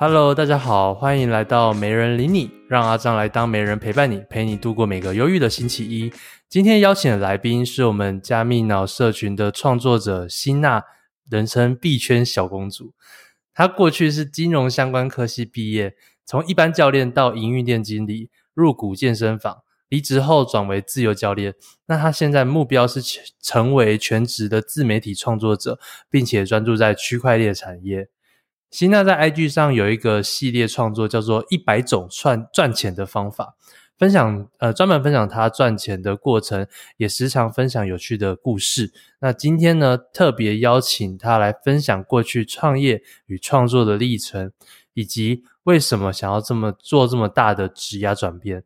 Hello，大家好，歡迎來到媒人理你，讓阿璋來當媒人陪伴你，陪你度過每個憂鬱的星期一。今天邀請的來賓是我們加密腦社群的創作者心娜，人稱幣圈小公主。她過去是金融相關科系畢業，從一般教練到營運店經理，入股健身房，離職後轉為自由教練。那她現在目標是成為全職的自媒體創作者，並且專注在區塊鏈產業。心娜在 IG 上有一個系列創作，叫做“一百種賺賺錢的方法”，分享，呃，專門分享她賺錢的過程，也時常分享有趣的故事。那今天呢，特別邀請她來分享過去創業與創作的歷程，以及為什麼想要這麼做這麼大的職涯轉變。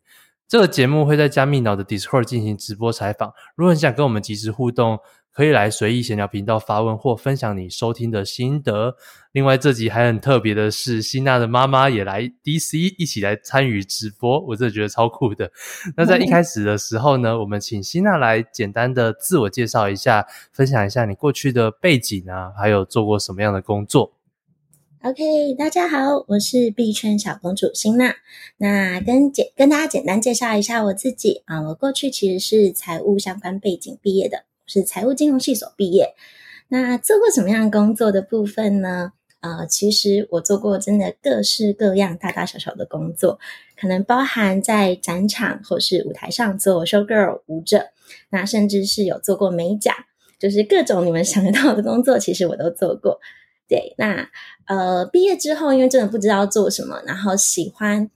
這個節目會在加密腦的 Discord 進行直播採訪，如果你想跟我們及時互動，可以來隨意閒聊頻道發問或分享你收聽的心得。另外，這集還很特別的是，心娜的媽媽也來 DC 一起來參與直播，我真的覺得超酷的。那在一開始的時候呢，我們請心娜來簡單的自我介紹一下，分享一下你過去的背景啊，還有做過什麼樣的工作。OK，大家好，我是幣圈小公主心娜。那跟簡跟大家簡單介紹一下我自己啊、呃，我過去其實是財務相關背景畢業的。是財務金融系所畢業，那做過什麼樣工作的部分呢？呃，其實我做過真的各式各樣大大小小的工作，可能包含在展場或是舞台上做 show girl 舞者，那甚至是有做過美甲，就是各種你們想得到的工作，其實我都做過。對，那呃畢業之後，因為真的不知道做什麼，然後喜歡。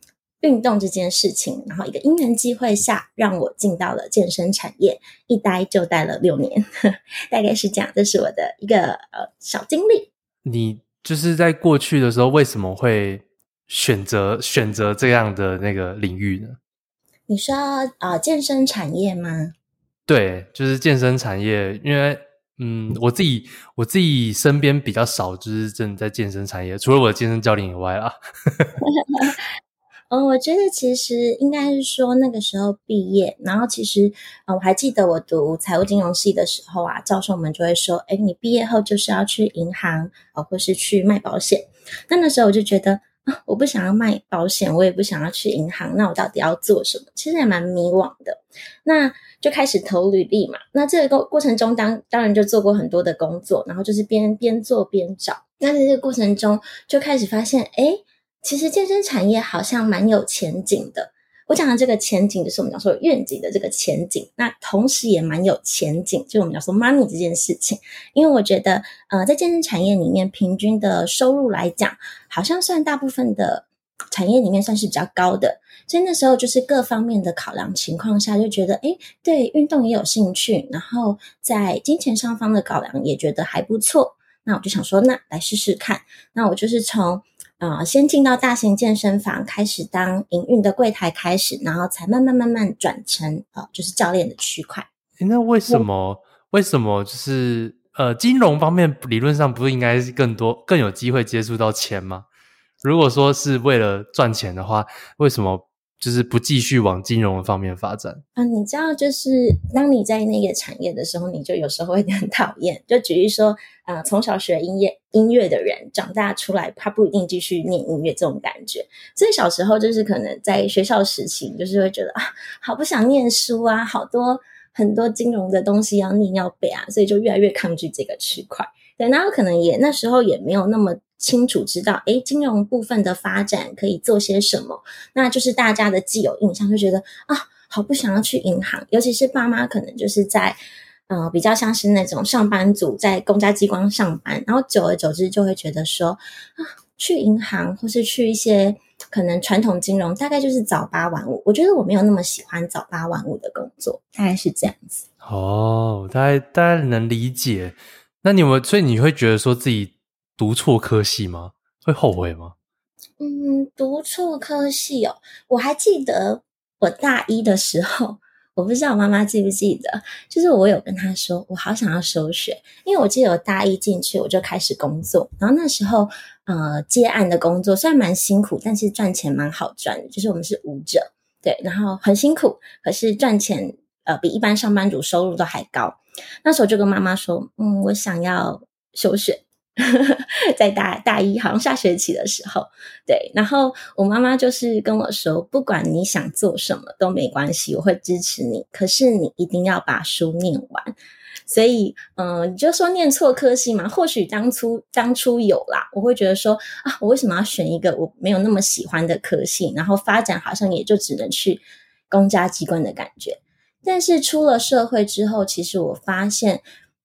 運動這件事情，然後一個因緣機會下，讓我進到了健身產業，一待就待了六年， 大概是這樣。這是我的一個呃小經歷。你就是在過去的時候為什麼會選擇選擇這樣的那個領域呢？你說啊、呃，健身產業嗎？對，就是健身產業，因為嗯，我自己我自己身邊比較少，就是正在健身產業，除了我的健身教練以外啦。 嗯、哦，我覺得其實應該是說那個時候畢業，然後其實、哦，我還記得我讀財務金融系的時候啊，教授們就會說，誒，你畢業後就是要去銀行、哦，或是去賣保險。那那時候我就覺得啊，我不想要賣保險，我也不想要去銀行，那我到底要做什麼？其實還蠻迷惘的。那就開始投履歷嘛。那這個過過程中當，當當然就做過很多的工作，然後就是邊邊做邊找。那在這個過程中，就開始發現，哎。其實健身產業好像蠻有前景的。我講的這個前景，就是我們講說願景的這個前景。那同時也蠻有前景，就是我們講說 money 這件事情。因為我覺得，呃，在健身產業裡面，平均的收入來講，好像算大部分的產業裡面算是比較高的。所以那時候就是各方面的考量情況下，就覺得，哎，對運動也有興趣，然後在金錢上方的考量也覺得還不錯。那我就想說，那來試試看。那我就是從。啊、呃，先進到大型健身房開始當營運的櫃檯開始，然後才慢慢慢慢轉成呃，就是教練的區塊。欸，那為什麼？我 為什麼就是呃，金融方面理論上不是應該是更多更有機會接觸到錢嗎？如果說是為了賺錢的話，為什麼？就是不繼續往金融方面發展啊、嗯！你知道，就是當你在那個產業的時候，你就有時候會很討厭。就舉例說，呃，從小學音樂音樂的人長大出來，他不一定繼續念音樂這種感覺。所以小時候就是可能在學校時期，就是會覺得啊，好不想念書啊，好多很多金融的東西要念要背啊，所以就越來越抗拒這個區塊。對，然後可能也那時候也沒有那麼清楚知道，誒，金融部分的發展可以做些什麼。那就是大家的既有印象，就覺得啊，好不想要去銀行，尤其是爸媽可能就是在，嗯、呃，比較像是那種上班族，在公家機關上班，然後久而久之就會覺得說啊，去銀行或是去一些可能傳統金融，大概就是早八晚五。我覺得我沒有那麼喜歡早八晚五的工作，大概是這樣子。哦，大家大家能理解。那你們，所以你會覺得說自己讀錯科系嗎？會後悔嗎？嗯，讀錯科系哦，我還記得我大一的時候，我不知道我媽媽記不記得，就是我有跟她說，我好想要休學，因為我記得我大一進去我就開始工作，然後那時候呃接案的工作雖然蠻辛苦，但是賺錢蠻好賺的，就是我們是舞者對，然後很辛苦，可是賺錢呃比一般上班族收入都還高。那時候就跟媽媽說，嗯，我想要休學，呵呵，在大，大一，好像下學期的時候，對。然後我媽媽就是跟我說，不管你想做什麼都沒關係，我會支持你。可是你一定要把書念完。所以，嗯、呃，你就說念錯科系嘛？或許當初當初有啦，我會覺得說，啊，我為什麼要選一個我沒有那麼喜歡的科系？然後發展好像也就只能去公家機關的感覺。但是出了社會之後，其實我發現，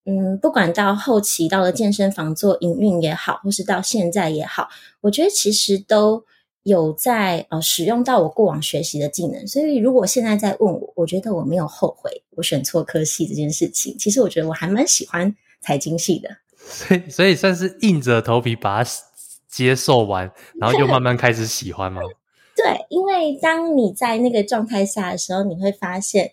嗯，不管到後期到了健身房做營運也好，或是到現在也好，我覺得其實都有在呃使用到我過往學習的技能。所以如果現在再問我，我覺得我沒有後悔我選錯科系這件事情。其實我覺得我還蠻喜歡財經系的，所以算是硬着頭皮把它接受完，然後又慢慢開始喜歡嗎？ 嗯、對，因為當你在那個狀態下的時候，你會發現。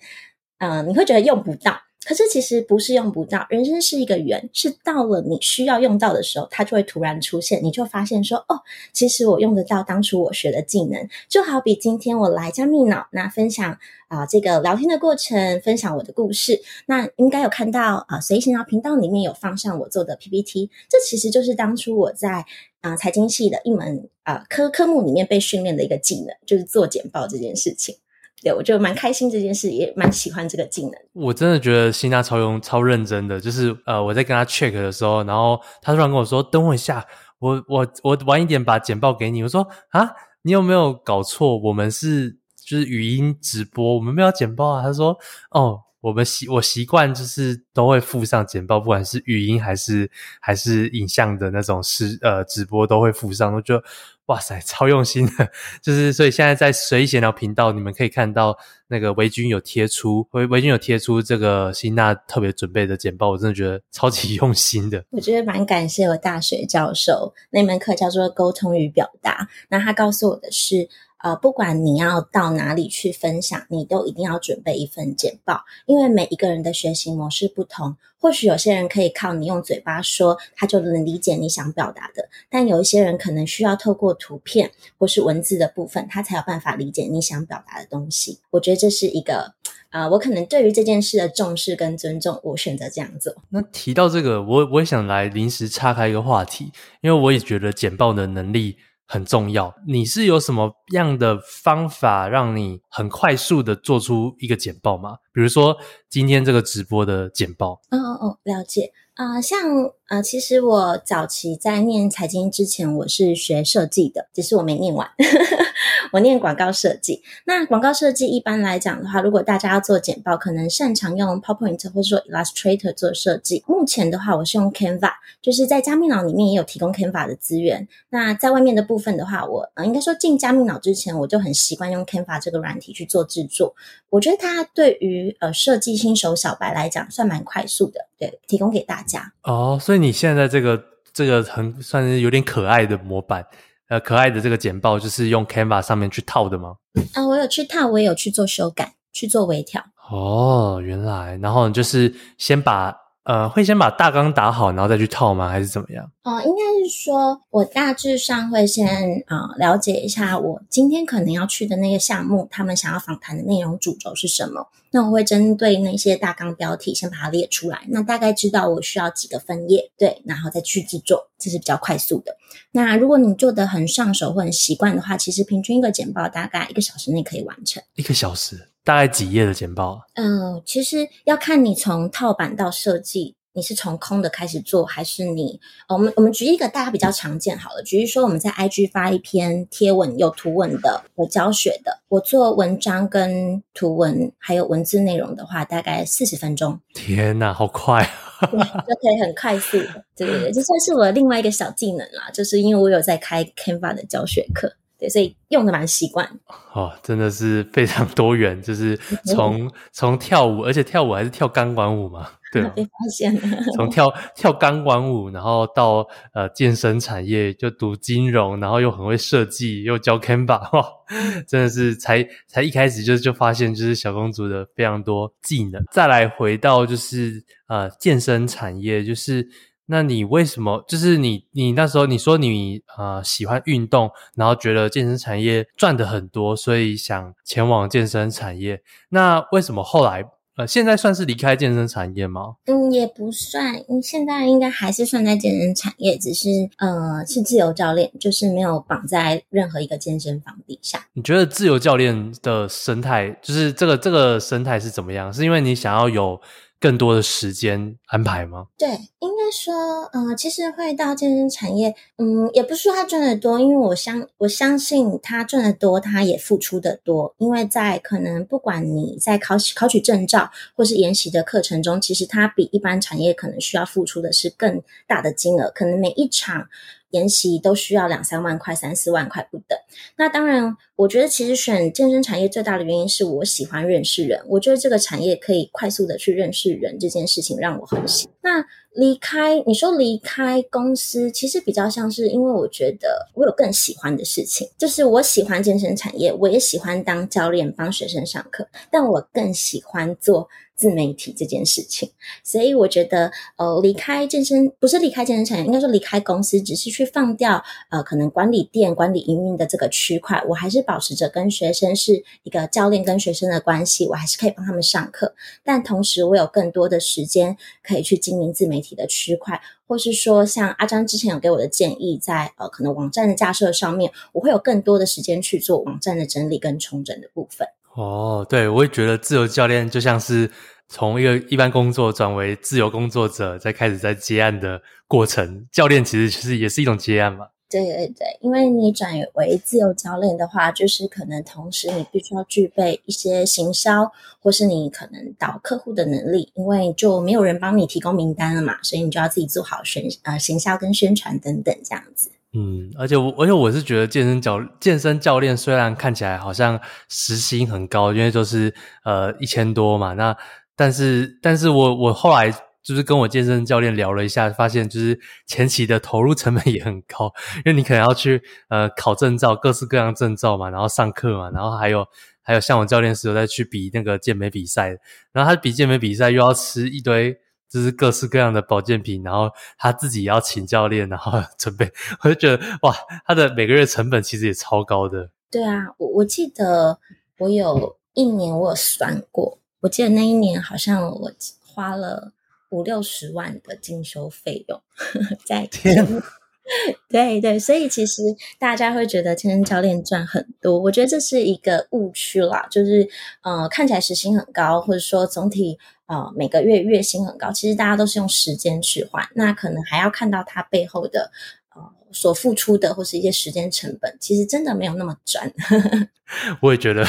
嗯、呃，你會覺得用不到，可是其實不是用不到。人生是一個圓，是到了你需要用到的時候，它就會突然出現，你就發現說，哦，其實我用得到當初我學的技能。就好比今天我來加密腦，那分享啊、呃、這個聊天的過程，分享我的故事。那應該有看到啊、呃，隨行聊、啊、頻道裡面有放上我做的 PPT，這其實就是當初我在啊、呃、財經系的一門啊、呃、科科目裡面被訓練的一個技能，就是做簡報這件事情。對，我就蠻開心這件事，也蠻喜歡這個技能。我真的覺得心娜超用超認真的，就是呃，我在跟她 check 的時候，然後她突然跟我說：“等我一下，我我我晚一點把簡報給你。”我說：“啊，你有沒有搞錯？我們是就是語音直播，我們沒有簡報啊。”她說：“哦，我們我習我習慣就是都會附上簡報，不管是語音還是還是影像的那種是呃直播都會附上。”我就。哇塞，超用心的！就是所以現在在隨意閒聊頻道，你們可以看到那個維軍有貼出維維軍有貼出這個辛娜特別準備的簡報，我真的覺得超級用心的。我覺得蠻感謝我大學教授，那門課叫做溝通與表達，那他告訴我的是。呃，不管你要到哪裡去分享，你都一定要準備一份簡報，因為每一個人的學習模式不同。或許有些人可以靠你用嘴巴說，他就能理解你想表達的；但有一些人可能需要透過圖片或是文字的部分，他才有辦法理解你想表達的東西。我覺得這是一個，呃，我可能對於這件事的重視跟尊重，我選擇這樣做。那提到這個，我我也想來臨時岔開一個話題，因為我也覺得簡報的能力。很重要，你是有什麼樣的方法讓你很快速的做出一個簡報嗎？比如說今天這個直播的簡報。哦哦哦，了解。啊、呃，像呃，其實我早期在念財經之前，我是學設計的，只是我沒念完呵呵，我念廣告設計。那廣告設計一般來講的話，如果大家要做簡報，可能擅長用 PowerPoint 或者說 Illustrator 做設計。目前的話，我是用 Canva，就是在加密腦裡面也有提供 Canva 的資源。那在外面的部分的話，我呃，應該說進加密腦之前，我就很習慣用 Canva 這個軟體去做製作。我覺得它對於呃設計新手小白來講，算蠻快速的。對，提供給大家哦。所以你現在這個這個很算是有點可愛的模板，呃，可愛的這個簡報就是用 Canva 上面去套的嗎？啊，我有去套，我也有去做修改，去做微調。哦，原來，然後就是先把，呃，會先把大綱打好，然後再去套嗎？還是怎麼樣？哦、呃，應該是說我大致上會先啊、呃、了解一下，我今天可能要去的那個項目，他們想要訪談的內容主軸是什麼？那我會針對那些大綱標題先把它列出來，那大概知道我需要幾個分頁，對，然後再去制作，這是比較快速的。那如果你做得很上手或很習慣的話，其實平均一個簡報大概一個小時內可以完成，一個小時。大概幾頁的簡報、啊？嗯、呃，其實要看你從套版到設計，你是從空的開始做，還是你……呃、我們我們舉一個大家比較常見好了，舉例說我們在 IG 發一篇貼文，有圖文的，有教學的，我做文章跟圖文還有文字內容的話，大概四十分鐘。天哪，好快 對！就可以很快速，對，對，對，這算是我另外一個小技能啦，就是因為我有在開 Canva 的教學課。對，所以用的蠻習慣。哦，真的是非常多元，就是從 從,從跳舞，而且跳舞還是跳鋼管舞嘛。對，被發現， 從跳跳鋼管舞，然後到呃健身產業，就讀金融，然後又很會設計，又教 Canva，哇，真的是才才一開始就就發現，就是小公主的非常多技能。再來回到就是呃健身產業，就是。那你為什麼就是你你那時候你說你啊、呃、喜歡運動，然後覺得健身產業賺的很多，所以想前往健身產業。那為什麼後來呃現在算是離開健身產業嗎？嗯，也不算，現在應該還是算在健身產業，只是呃是自由教練，就是沒有綁在任何一個健身房底下。你覺得自由教練的生態就是這個這個生態是怎麼樣？是因為你想要有更多的時間安排嗎？對，因說，呃，其實會到健身產業，嗯，也不是說他賺得多，因為我相我相信他賺得多，他也付出得多，因為在可能不管你在考考取證照或是研習的課程中，其實他比一般產業可能需要付出的是更大的金額，可能每一場研習都需要兩三萬塊、三四萬塊不等。那當然，我覺得其實選健身產業最大的原因是，我喜歡認識人，我覺得這個產業可以快速的去認識人，這件事情讓我很喜。那離開，你說離開公司，其實比較像是因為我覺得我有更喜歡的事情，就是我喜歡健身產業，我也喜歡當教練幫學生上課，但我更喜歡做自媒體這件事情，所以我覺得，呃，離開健身不是離開健身產業，應該說離開公司，只是去放掉呃可能管理店、管理營運的這個區塊。我還是保持着跟學生是一個教練跟學生的關係，我還是可以幫他們上課。但同時，我有更多的時間可以去經營自媒體的區塊，或是說像阿璋之前有給我的建議，在呃可能網站的架設上面，我會有更多的時間去做網站的整理跟重整的部分。哦，oh, 對，我也覺得自由教練就像是從一個一般工作轉為自由工作者，再開始在接案的過程。教練其實其實也是一種接案嘛。對對對，因為你轉為自由教練的話，就是可能同時你必須要具備一些行銷，或是你可能導客戶的能力，因為就沒有人幫你提供名單了嘛，所以你就要自己做好宣，呃，行銷跟宣傳等等這樣子。嗯，而且我，而且我是覺得健身教健身教練雖然看起來好像時薪很高，因為就是呃一千多嘛，那但是，但是我我後來就是跟我健身教練聊了一下，發現就是前期的投入成本也很高，因為你可能要去呃考證照，各式各樣證照嘛，然後上課嘛，然後還有還有像我教練是有在去比那個健美比賽，然後他比健美比賽又要吃一堆。就是各式各樣的保健品，然後他自己要請教練，然後準備，我就覺得哇，他的每個月成本其實也超高的。對啊，我我記得我有一年我有算過，我記得那一年好像我花了五六十萬的進修費用， 在吃天。 對對，所以其實大家會覺得健身教練賺很多，我覺得這是一個誤區啦。就是，呃，看起來時薪很高，或者說總體呃每個月月薪很高，其實大家都是用時間去換。那可能還要看到它背後的，所付出的或是一些時間成本，其實真的沒有那麼賺。 我也覺得，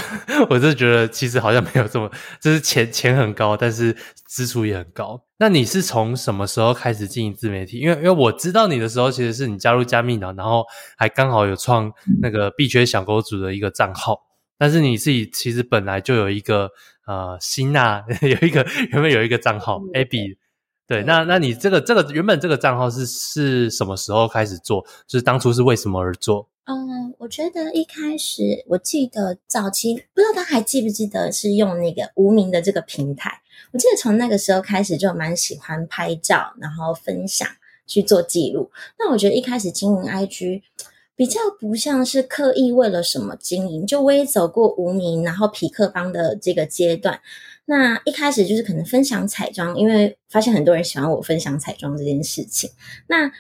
我是覺得其實好像沒有這麼，就是錢錢很高，但是支出也很高。那你是從什麼時候開始經營自媒體？因為因為我知道你的時候，其實是你加入加密腦，然後還剛好有創那個幣圈小公主的一個賬號。嗯、但是你自己其實本來就有一個呃，心娜有一個原本有一個賬號，Abby。嗯 AB. 對，那那你這個這個原本這個賬號是是什麼時候開始做？就是當初是為什麼而做？嗯，我覺得一開始，我記得早期，不知道大家還記不記得是用那個無名的這個平台。我記得從那個時候開始就蠻喜歡拍照，然後分享去做記錄。那我覺得一開始經營 IG 比較不像是刻意為了什麼經營，就我也走過無名，然後痞客邦的這個階段。那一開始就是可能分享彩妝，因為發現很多人喜歡我分享彩妝這件事情。那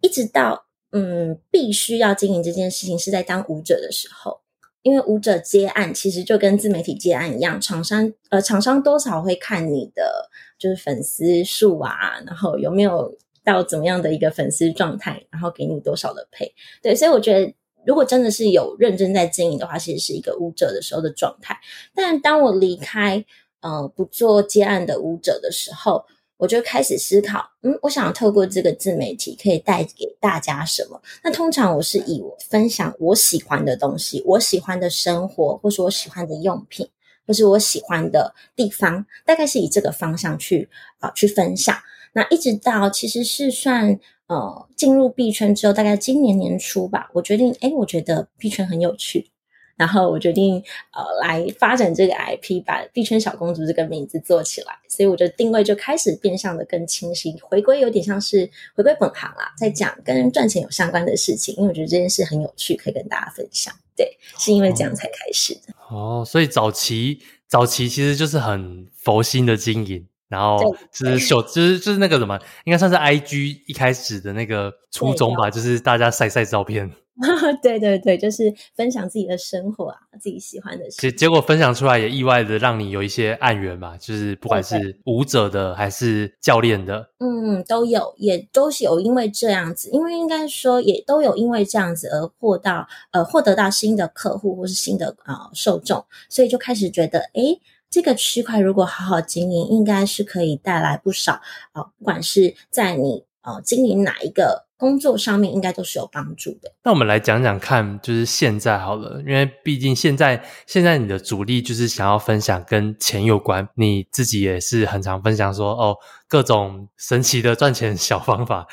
一直到嗯，必須要經營這件事情是在當舞者的時候，因為舞者接案其實就跟自媒體接案一樣，廠商呃，廠商多少會看你的就是粉絲數啊，然後有沒有到怎麼樣的一個粉絲狀態，然後給你多少的配。對，所以我覺得如果真的是有認真在經營的話，其實是一個舞者的時候的狀態。但當我離開。呃，不做接案的舞者的時候，我就開始思考，嗯，我想透過這個自媒體可以帶給大家什麼？那通常我是以分享我喜歡的東西，我喜歡的生活，或是我喜歡的用品，或是我喜歡的地方，大概是以這個方向去啊、呃、去分享。那一直到其實是算呃進入幣圈之後，大概今年年初吧，我決定，哎，我覺得幣圈很有趣。然後我決定，呃，來發展這個 IP，把《幣圈小公主》這個名字做起來，所以我的定位就開始變相的更清晰，回歸有點像是回歸本行啦，在講跟賺錢有相關的事情，嗯、因為我覺得這件事很有趣，可以跟大家分享。對，是因為這樣才開始的。哦，哦，所以早期早期其實就是很佛心的經營，然後就是對就，就是就是那個什麼，應該算是 IG 一開始的那個初衷吧，就是大家曬曬照片。 對對對，就是分享自己的生活啊，自己喜歡的事。結結果分享出來，也意外的讓你有一些案源嘛，就是不管是舞者的還是教練的，對對，嗯，都有，也都是有因為這樣子，因為應該說也都有因為這樣子而獲到呃獲得到新的客戶或是新的、呃、受眾，所以就開始覺得，哎，這個區塊如果好好經營，應該是可以帶來不少啊、呃，不管是在你、呃、經營哪一個。工作上面應該都是有幫助的。那我們來講講看，就是現在好了，因為畢竟現在現在你的主力就是想要分享跟錢有關，你自己也是很常分享說哦，各種神奇的賺錢小方法。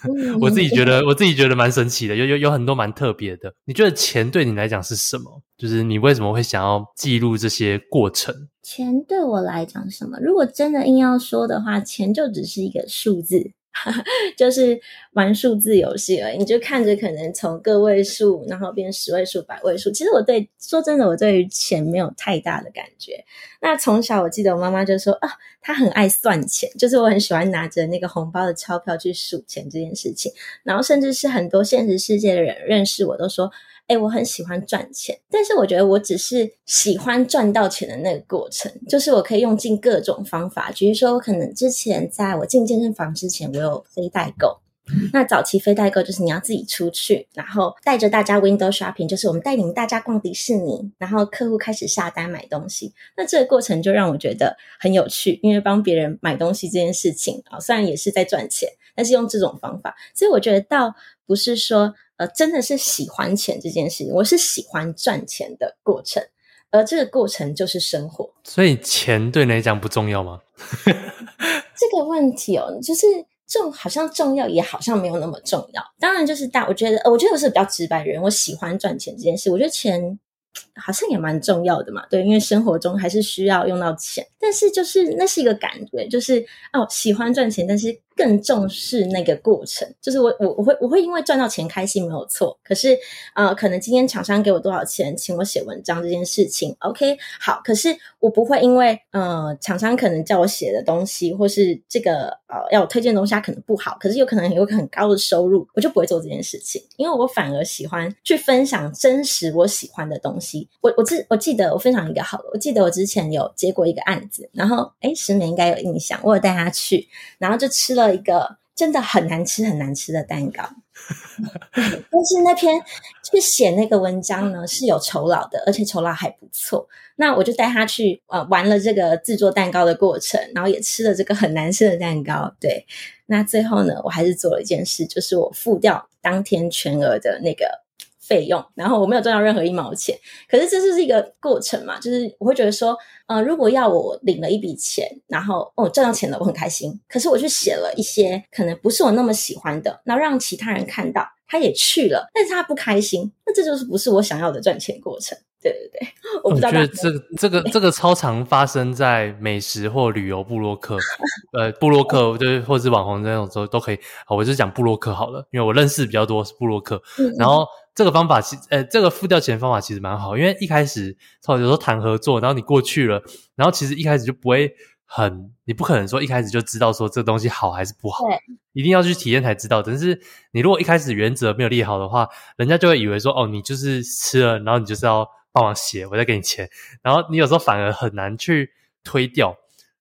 嗯、我自己覺得，我自己覺得蠻神奇的，有有有很多蠻特別的。你覺得錢對你來講是什麼？就是你為什麼會想要記錄這些過程？錢對我來講什麼？如果真的硬要說的話，錢就只是一個數字。 就是玩數字遊戲而已，你就看着可能從個位數，然後變十位數、百位數。其實我對，說真的我對於錢沒有太大的感覺。那從小我記得我媽媽就說啊，她很愛算錢，就是我很喜歡拿着那個紅包的鈔票去數錢這件事情。然後甚至是很多現實世界的人認識我都說。哎，我很喜歡賺錢，但是我覺得我只是喜歡賺到錢的那個過程，就是我可以用盡各種方法。比如說，我可能之前在我進健身房之前，我有飛代購。那早期飛代購就是你要自己出去，然後帶着大家 window shopping，就是我們帶領大家逛迪士尼，然後客戶開始下單買東西。那這個過程就讓我覺得很有趣，因為幫別人買東西這件事情啊，雖然也是在賺錢。但是用這種方法，所以我覺得倒不是說呃，真的是喜歡錢這件事情，我是喜歡賺錢的過程，而這個過程就是生活。所以錢對你來講不重要嗎？ 這個問題哦，就是重好像重要，也好像沒有那麼重要。當然，就是大我覺得、呃，我覺得我是比較直白的人，我喜歡賺錢這件事，我覺得錢好像也蠻重要的嘛。對，因為生活中還是需要用到錢，但是就是那是一個感覺，就是哦，喜歡賺錢，但是。更重視那個過程，就是我我我會我會因為賺到錢開心沒有錯，可是呃可能今天廠商給我多少錢請我寫文章這件事情，OK 好，可是我不會因為呃廠商可能叫我寫的東西或是這個呃要我推薦的東西他可能不好，可是有可能有很高的收入，我就不會做這件事情，因為我反而喜歡去分享真實我喜歡的東西。我我記我記得我分享一個好我記得我之前有接過一個案子，然後哎十年應該有印象，我有帶他去，然後就吃了。一個真的很難吃很難吃的蛋糕， 但是那篇就寫那個文章呢是有酬勞的，而且酬勞還不錯。那我就帶他去呃玩了這個制作蛋糕的過程，然後也吃了這個很難吃的蛋糕。對，那最後呢，我還是做了一件事，就是我付掉當天全額的那個。用，然後我沒有賺到任何一毛錢，可是這就是一個過程嘛，就是我會覺得說，呃、如果要我領了一筆錢，然後哦，賺到錢了，我很開心，可是我去寫了一些可能不是我那麼喜歡的，然後讓其他人看到，他也去了，但是他不開心，那這就是不是我想要的賺錢過程？對對對，我不知道。我覺得這個、對這個這個超常發生在美食或旅遊部落客， 呃，部落客對，或者是網紅這種時候都可以。好，我就講部落客好了，因為我認識比較多是部落客，嗯嗯然後。這個方法其實，呃、欸，這個付掉錢的方法其實蠻好，因為一開始，操，有時候談合作，然後你過去了，然後其實一開始就不會很，你不可能說一開始就知道說這東西好還是不好，對一定要去體驗才知道。但是你如果一開始原則沒有立好的話，人家就會以為說，哦，你就是吃了，然後你就是要幫忙寫，我再給你錢，然後你有時候反而很難去推掉。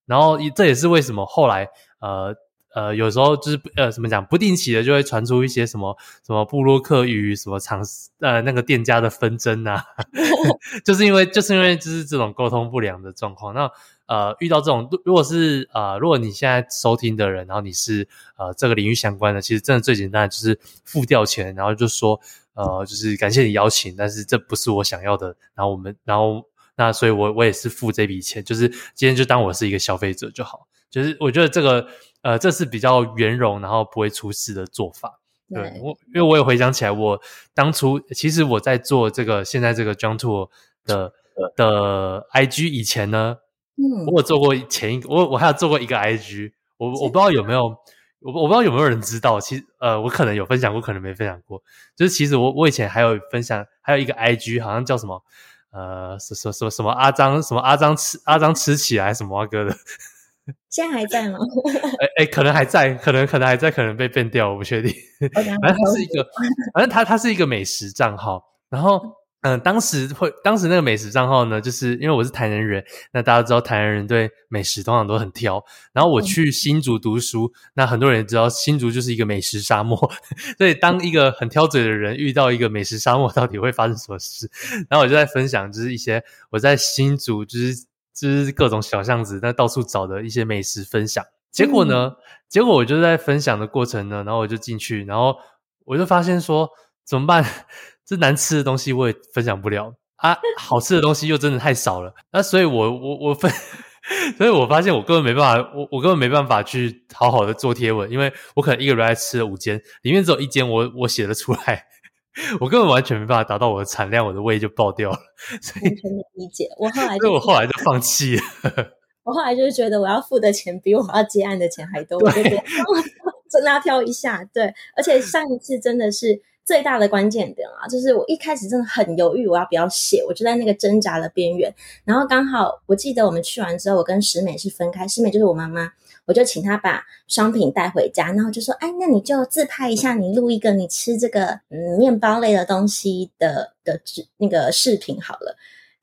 然後這也是為什麼後來，呃。呃，有時候就是呃，怎麼講，不定期的就會傳出一些什麼什麼部落客與什麼廠呃那個店家的紛爭啊， 就是因為就是因為就是這種溝通不良的狀況。那呃，遇到這種，如果是呃，如果你現在收聽的人，然後你是呃這個領域相關的，其實真的最簡單就是付掉錢，然後就說呃，就是感謝你邀請，但是這不是我想要的。然後我們，然後那所以我，我我也是付這筆錢，就是今天就當我是一個消費者就好。就是我覺得這個。呃，這是比較圓融，然後不會出事的做法。對，對我，因為我也回想起來，我當初其實我在做這個現在這個 John To 的的 IG 以前呢，嗯對，我有做過前一個對我我還有做過一個 IG，我我不知道有沒有實我我不知道有沒有人知道，其實呃，我可能有分享過，可能沒分享過。就是其實我我以前還有分享，還有一個 IG，好像叫什麼呃什什什麼什麼阿璋什麼阿璋吃阿璋吃起來什麼阿哥的。現在還在嗎、 欸欸？可能還在，可能可能還在，可能被 ban 掉，我不確定。 哦、反正他是一個， 反正他他是一個美食賬號。然後，嗯、呃，當時會，當時那個美食賬號呢，就是因為我是台南人，那大家知道台南人對美食通常都很挑。然後我去新竹讀書，嗯、那很多人也知道新竹就是一個美食沙漠，所以當一個很挑嘴的人遇到一個美食沙漠，到底會發生什麼事？然後我就在分享，就是一些我在新竹就是。就是各種小巷子但到處找的一些美食分享，結果呢？嗯、結果我就在分享的過程呢，然後我就進去，然後我就發現說怎麼辦？這難吃的東西我也分享不了啊，好吃的東西又真的太少了。那所以我，我我我分，所以我發現我根本沒辦法，我我根本沒辦法去好好的做貼文，因為我可能一個人吃了五間，裡面只有一間我我寫得出來。我根本完全沒辦法達到我的產量，我的胃就爆掉了，所以完全理解。我後來就， 我後來就放棄了。 我後來就是覺得我要付的錢比我要接案的錢還多，對我就掙扎 跳一下。對，而且上一次真的是最大的關鍵點啊，就是我一開始真的很猶豫，我要不要寫，我就在那個掙扎的邊緣。然後剛好我記得我們去完之後，我跟石美是分開，石美就是我媽媽。我就請他把商品帶回家，然後就說：“哎，那你就自拍一下，你錄一個你吃這個嗯麵包類的東西的的那那個視頻好了。”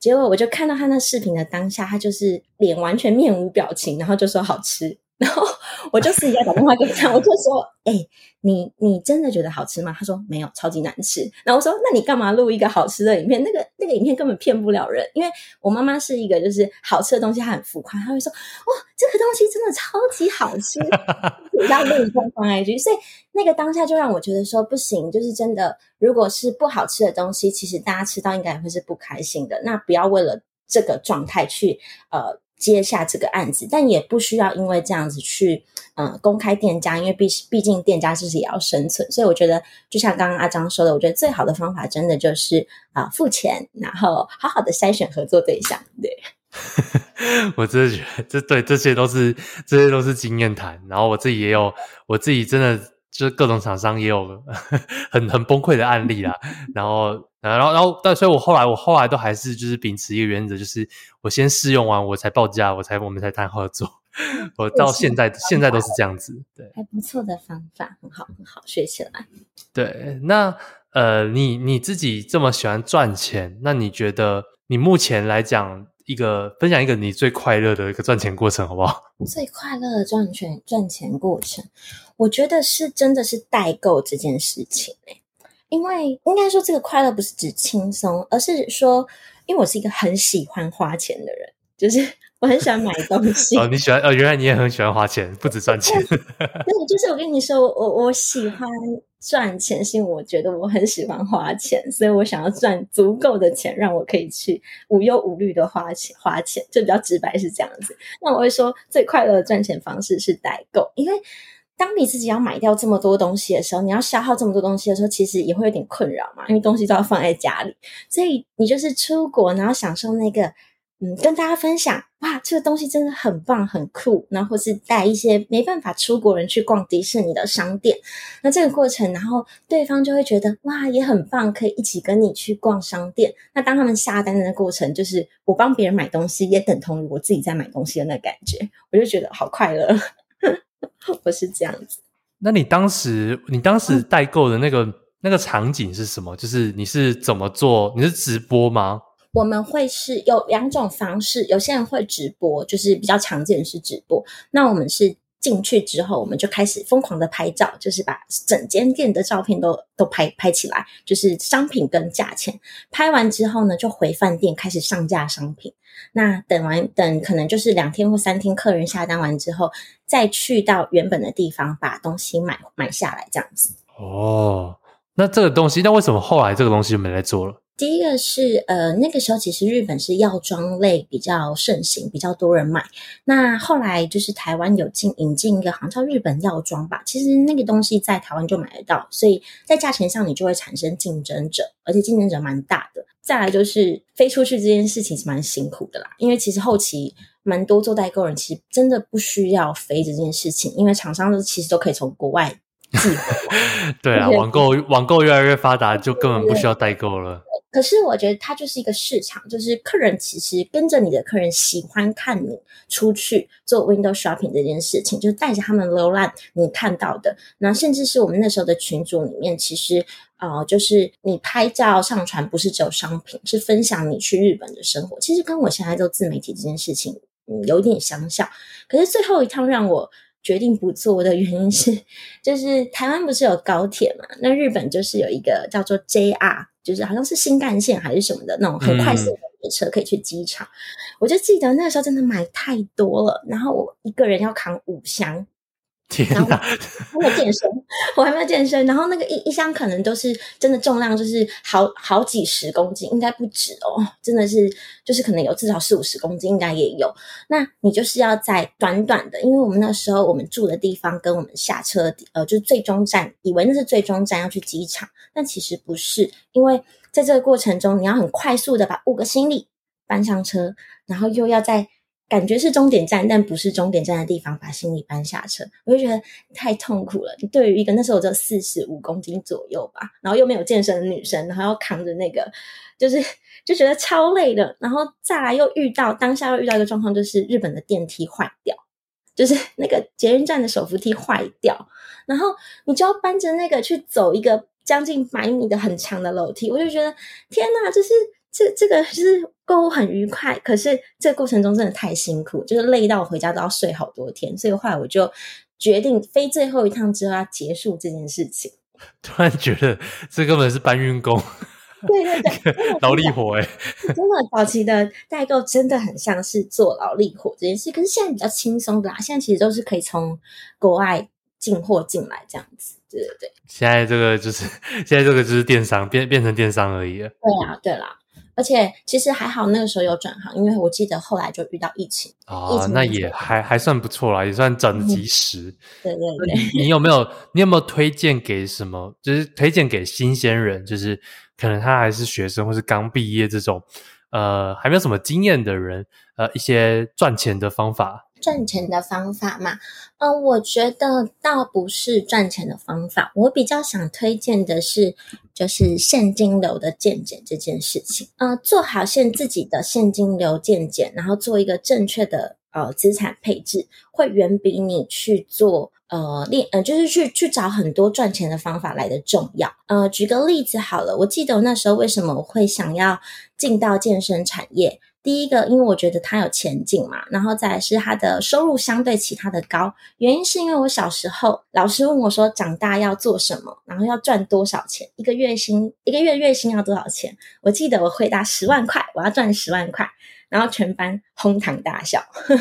結果我就看到他那視頻的當下，他就是臉完全面無表情，然後就說：“好吃。”然後。 我就私底下打電話給他，我就說：“欸、你你真的覺得好吃嗎？”他說：“沒有，超級難吃。”然後我說：“那你幹嘛錄一個好吃的影片？那個那個影片根本騙不了人，因為我媽媽是一個就是好吃的東西，她很浮誇，她會說：‘哇、哦，這個東西真的超級好吃’， 要另一番歪曲。所以那個當下就讓我覺得說不行，就是真的，如果是不好吃的東西，其實大家吃到應該會是不開心的。那不要為了這個狀態去呃。”接下這個案子，但也不需要因為這樣子去，嗯、呃，公開店家，因為畢畢竟店家自己也要生存，所以我覺得，就像剛剛阿璋說的，我覺得最好的方法真的就是啊、呃，付錢，然後好好的篩選合作對象。對，呵呵我真的覺得這對這些都是這些都是經驗談，然後我自己也有，我自己真的就是各種廠商也有呵呵很很崩潰的案例啦。嗯、然後。然後，然後，但所以，我後來，我後來都還是就是秉持一個原則，就是我先試用完，我才報價，我才我們才談合作。我到現在，現在都是這樣子。對，還不錯的方法，很好，很好，學起來。對，那呃，你你自己這麼喜歡賺錢，那你覺得你目前來講，一個分享一個你最快樂的一個賺錢過程，好不好？最快樂的賺錢賺錢過程，我覺得是真的是代購這件事情。欸因為應該說，這個快樂不是指輕鬆，而是說，因為我是一個很喜歡花錢的人，就是我很喜歡買東西。 哦，你喜歡哦，原來你也很喜歡花錢，不止賺錢。那 我就是我跟你說，我我喜歡賺錢，是因為我覺得我很喜歡花錢，所以我想要賺足夠的錢，讓我可以去無憂無慮的花錢，花錢就比較直白是這樣子。那我會說，最快樂的賺錢方式是代購，因為。當你自己要買掉這麼多東西的時候，你要消耗這麼多東西的時候，其實也會有點困擾嘛，因為東西都要放在家裡。所以你就是出國，然後享受那個，嗯，跟大家分享哇，這個東西真的很棒很酷，然後或是帶一些沒辦法出國人去逛迪士尼的商店。那這個過程，然後對方就會覺得哇，也很棒，可以一起跟你去逛商店。那當他們下單的那過程，就是我幫別人買東西，也等同於我自己在買東西的那感覺，我就覺得好快樂。 不 是這樣子。那你當時，你當時代購的那個、嗯、那個場景是什麼？就是你是怎麼做？你是直播嗎？我們會是有兩種方式，有些人會直播，就是比較常見是直播。那我們是進去之後，我們就開始瘋狂的拍照，就是把整間店的照片都都拍拍起來，就是商品跟價錢。拍完之後呢，就回飯店開始上架商品。那等完等，可能就是兩天或三天，客人下單完之後。再去到原本的地方把東西買買下來，這樣子哦。那這個東西，那為什麼後來這個東西就沒再做了？第一個是呃，那個時候其實日本是藥妝類比較盛行，比較多人買。那後來就是台灣有進引進一個好像叫日本藥妝吧，其實那個東西在台灣就買得到，所以在價錢上你就會產生競爭者，而且競爭者蠻大的。再來就是飛出去這件事情是蠻辛苦的啦，因為其實後期。蠻多做代購人，其實真的不需要飛這件事情，因為廠商都其實都可以從國外寄。 對啊，對。網購，網購越來越發達，就根本不需要代購了。對對對，可是我覺得它就是一個市場，就是客人其實跟着你的客人喜歡看你出去做 window shopping 這件事情，就是帶着他們瀏覽你看到的。那甚至是我們那時候的群組裡面，其實啊、呃，就是你拍照上傳不是只有商品，是分享你去日本的生活。其實跟我現在做自媒體這件事情。有點想笑。可是最後一趟讓我決定不坐的原因是，就是台灣不是有高鐵嘛？那日本就是有一個叫做 JR，就是好像是新幹線還是什麼的那種很快速的列車可以去機場。嗯嗯。我就記得那時候真的買太多了，然後我一個人要扛五箱。天哪，然後我， 我還沒有健身，我還沒有健身。然後那個一一箱可能都是真的重量，就是好好幾十公斤，應該不止哦。真的是，就是可能有至少四五十公斤，應該也有。那你就是要在短短的，因為我們那時候我們住的地方跟我們下車，呃，就是最終站，以為那是最終站要去機場，但其實不是。因為在這個過程中，你要很快速的把五個行李搬上車，然後又要在。感覺是終點站，但不是終點站的地方，把行李搬下車，我就覺得太痛苦了。你對於一個那時候只有四十五公斤左右吧，然後又沒有健身的女生，然後要扛着那個，就是就覺得超累的。然後再來又遇到當下又遇到一個狀況，就是日本的電梯壞掉，就是那個捷運站的手扶梯壞掉，然後你就要搬着那個去走一個將近百米的很長的樓梯，我就覺得天哪，啊，這是。這這個就是購物很愉快，可是這個過程中真的太辛苦，就是累到我回家都要睡好多天。所以後來我就決定飛最後一趟之後要結束這件事情。突然覺得這根本是搬運工， 對對對， 勞力活哎， 真的好奇的代購真的很像是做勞力活這件事，可是現在比較輕鬆的啦，啊，現在其實都是可以從國外進貨進來這樣子，對對對。現在這個就是現在這個就是電商變變成電商而已了， 對啊對啦，啊。而且其實還好，那個時候有轉行，因為我記得後來就遇到疫情啊，情那也還還算不錯啦，也算轉得及時。 對對對你，你有沒有你有沒有推薦給什麼？就是推薦給新鮮人，就是可能他還是學生或是剛畢業這種，呃，還沒有什麼經驗的人，呃，一些賺錢的方法。賺錢的方法嘛，嗯、呃，我覺得倒不是賺錢的方法，我比較想推薦的是。就是現金流的健檢這件事情，呃，做好現自己的現金流健檢，然後做一個正確的呃資產配置，會遠比你去做呃另呃，就是去去找很多賺錢的方法來得重要。呃，舉個例子好了，我記得我那時候為什麼會想要進到健身產業？第一個，因為我覺得它有前景嘛，然後再來是它的收入相對其他的高，原因是因為我小時候老師問我說，長大要做什麼，然後要賺多少錢，一個月薪一個月月薪要多少錢？我記得我回答十萬塊，我要賺十萬塊。然後全班哄堂大笑。 對，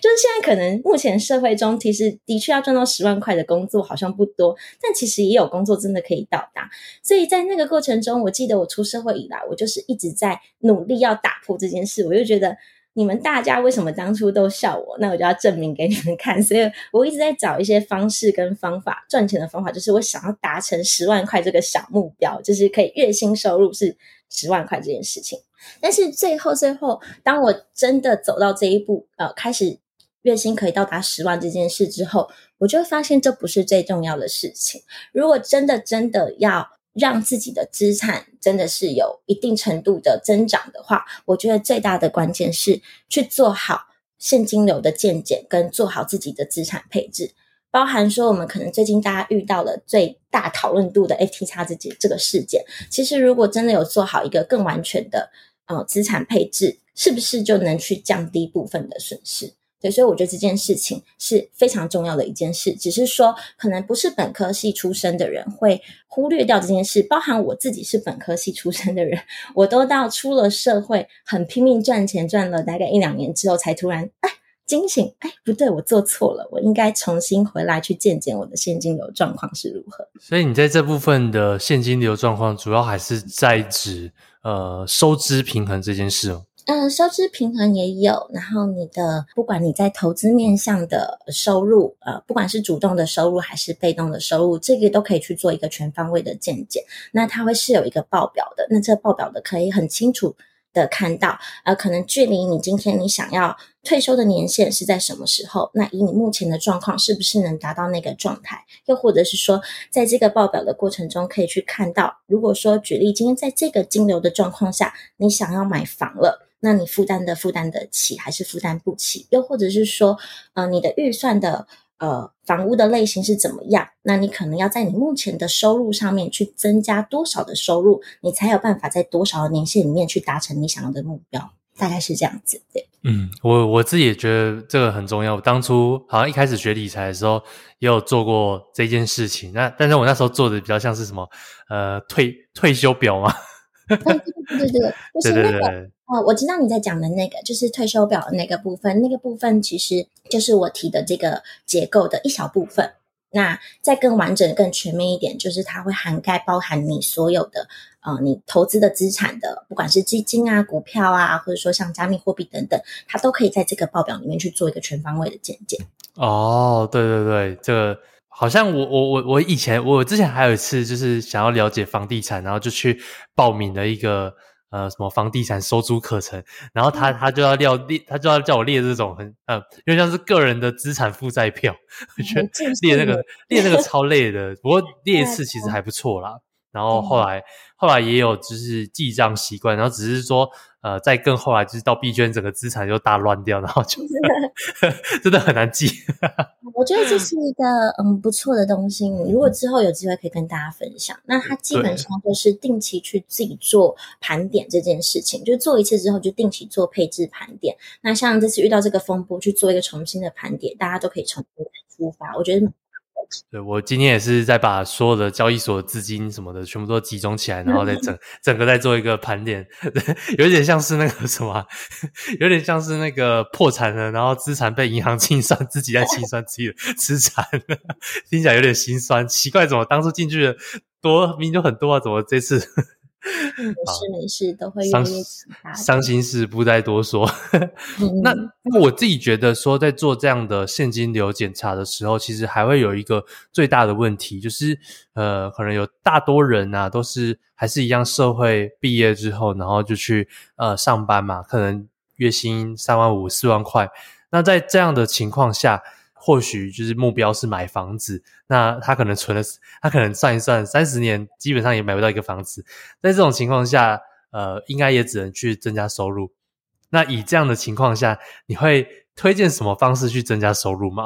就是現在可能目前社會中，其實的確要賺到十萬塊的工作好像不多，但其實也有工作真的可以到達。所以在那個過程中，我記得我出社會以來，我就是一直在努力要打破這件事。我就覺得你們大家為什麼當初都笑我，那我就要證明給你們看。所以我一直在找一些方式跟方法，賺錢的方法，就是我想要達成十萬塊這個小目標，就是可以月薪收入是十萬塊這件事情。但是最後，最後，當我真的走到這一步，呃，開始月薪可以到達十萬這件事之後，我就會發現這不是最重要的事情。如果真的真的要讓自己的資產真的是有一定程度的增長的話，我覺得最大的關鍵是去做好現金流的見解跟做好自己的資產配置，包含說我們可能最近大家遇到了最大討論度的 FTX 這個事件，其實如果真的有做好一個更完全的。哦，資產配置是不是就能去降低部分的損失？對，所以我覺得這件事情是非常重要的一件事。只是說，可能不是本科系出身的人會忽略掉這件事。包含我自己是本科系出身的人，我都到出了社會，很拼命賺錢，賺了大概一兩年之後，才突然哎驚醒，哎不對，我做錯了，我應該重新回來去見見我的現金流狀況是如何。所以你在這部分的現金流狀況，主要還是在指。呃，收支平衡這件事哦，嗯、呃，收支平衡也有。然後你的，不管你在投資面向的收入，呃，不管是主動的收入還是被動的收入，這個都可以去做一個全方位的見解。那它會是有一個報表的，那這報表的可以很清楚。的看到，呃，可能距離你今天你想要退休的年限是在什麼時候？那以你目前的狀況，是不是能達到那個狀態？又或者是說，在這個報表的過程中，可以去看到，如果說舉例，今天在這個金流的狀況下，你想要買房了，那你負擔的負擔得起，還是負擔不起？又或者是說，呃，你的預算的。呃，房屋的類型是怎麼樣？那你可能要在你目前的收入上面去增加多少的收入，你才有辦法在多少年限裡面去達成你想要的目標？大概是這樣子對。嗯，我我自己也覺得這個很重要。我當初好像一開始學理財的時候，也有做過這件事情。那但是我那時候做的比較像是什麼，呃，退退休表嘛。 對，對對對，就是那個哦、呃，我知道你在講的那個，就是退休表的那個部分，那個部分其實就是我提的這個結構的一小部分。那再更完整、更全面一點，就是它會涵蓋包含你所有的呃，你投資的資產的，不管是基金啊、股票啊，或者說像加密貨幣等等，它都可以在這個報表裡面去做一個全方位的簡介。哦，對對對，這個。好像我我我我以前我之前還有一次就是想要了解房地產，然後就去報名了一個呃什麼房地產收租課程，然後他他就要列列他就要叫我列這種很呃，因為像是個人的資產負債表，我覺得列那個 列那個超累的，不過列一次其實還不錯啦，然後後來。後來也有就是記賬習慣，然後只是說，呃，再更後來就是到幣圈整個資產就大亂掉，然後就 真的很難記 。我覺得這是一個嗯不錯的東西，如果之後有機會可以跟大家分享。嗯、那它基本上就是定期去自己做盤點這件事情，對就是做一次之後就定期做配置盤點。那像這次遇到這個風波去做一個重新的盤點，大家都可以重新來出發。我覺得。對，我今天也是在把所有的交易所的資金什麼的全部都集中起來，然後再整整個再做一個盤點，對，有點像是那個什麼啊，有點像是那個破產了，然後資產被銀行清算，自己在清算自己的資產，聽起來有點心酸。奇怪，怎麼當初進去的多，明明就很多啊，怎麼這次？沒事、嗯、好沒事，都會傷心事，傷心事不再多說。 那那、嗯、我自己覺得說，在做這樣的現金流檢查的時候，其實還會有一個最大的問題，就是呃，可能有大多人啊，都是還是一樣社會畢業之後，然後就去呃上班嘛，可能月薪三萬五、四萬塊。那在這樣的情況下，或許就是目標是買房子，那他可能存了，他可能算一算，三十年基本上也買不到一個房子。在這種情況下，呃，應該也只能去增加收入。那以這樣的情況下，你會推薦什麼方式去增加收入嗎？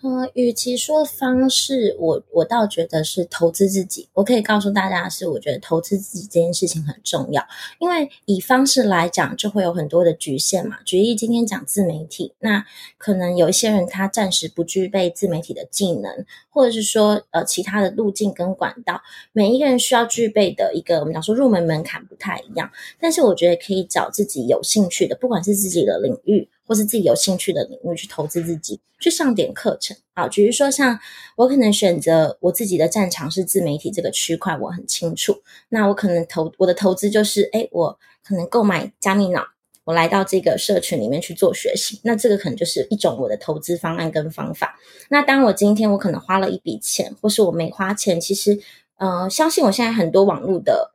嗯，與其說方式，我我倒覺得是投資自己。我可以告訴大家是，我覺得投資自己這件事情很重要，因為以方式來講，就會有很多的局限嘛。舉例今天講自媒體，那可能有一些人他暫時不具備自媒體的技能，或者是說呃其他的路徑跟管道，每一個人需要具備的一個我們講說入門門檻不太一樣。但是我覺得可以找自己有興趣的，不管是自己的領域。或是自己有興趣的領域去投資自己，去上點課程啊。比如說，像我可能選擇我自己的戰場是自媒體這個區塊，我很清楚。那我可能投我的投資就是，哎、欸，我可能購買加密腦，我來到這個社群裡面去做學習。那這個可能就是一種我的投資方案跟方法。那當我今天我可能花了一筆錢，或是我沒花錢，其實，呃，相信我現在很多網絡的。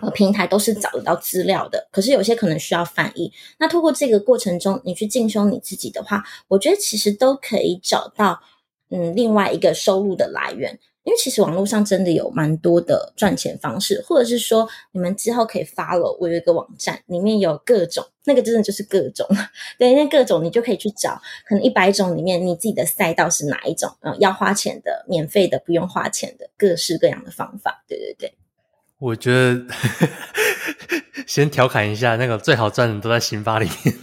呃，平台都是找得到資料的，可是有些可能需要翻譯。那透過這個過程中，你去進修你自己的話，我覺得其實都可以找到嗯另外一個收入的來源。因為其實網絡上真的有蠻多的賺錢方式，或者是說你們之後可以 follow 我有一個網站，裡面有各種那個真的就是各種，對，那各種你就可以去找，可能一百種裡面你自己的賽道是哪一種？嗯、呃，要花錢的、免費的、不用花錢的，各式各樣的方法。對對對。我覺得呵呵先調侃一下，那個最好賺的都在刑法裡面。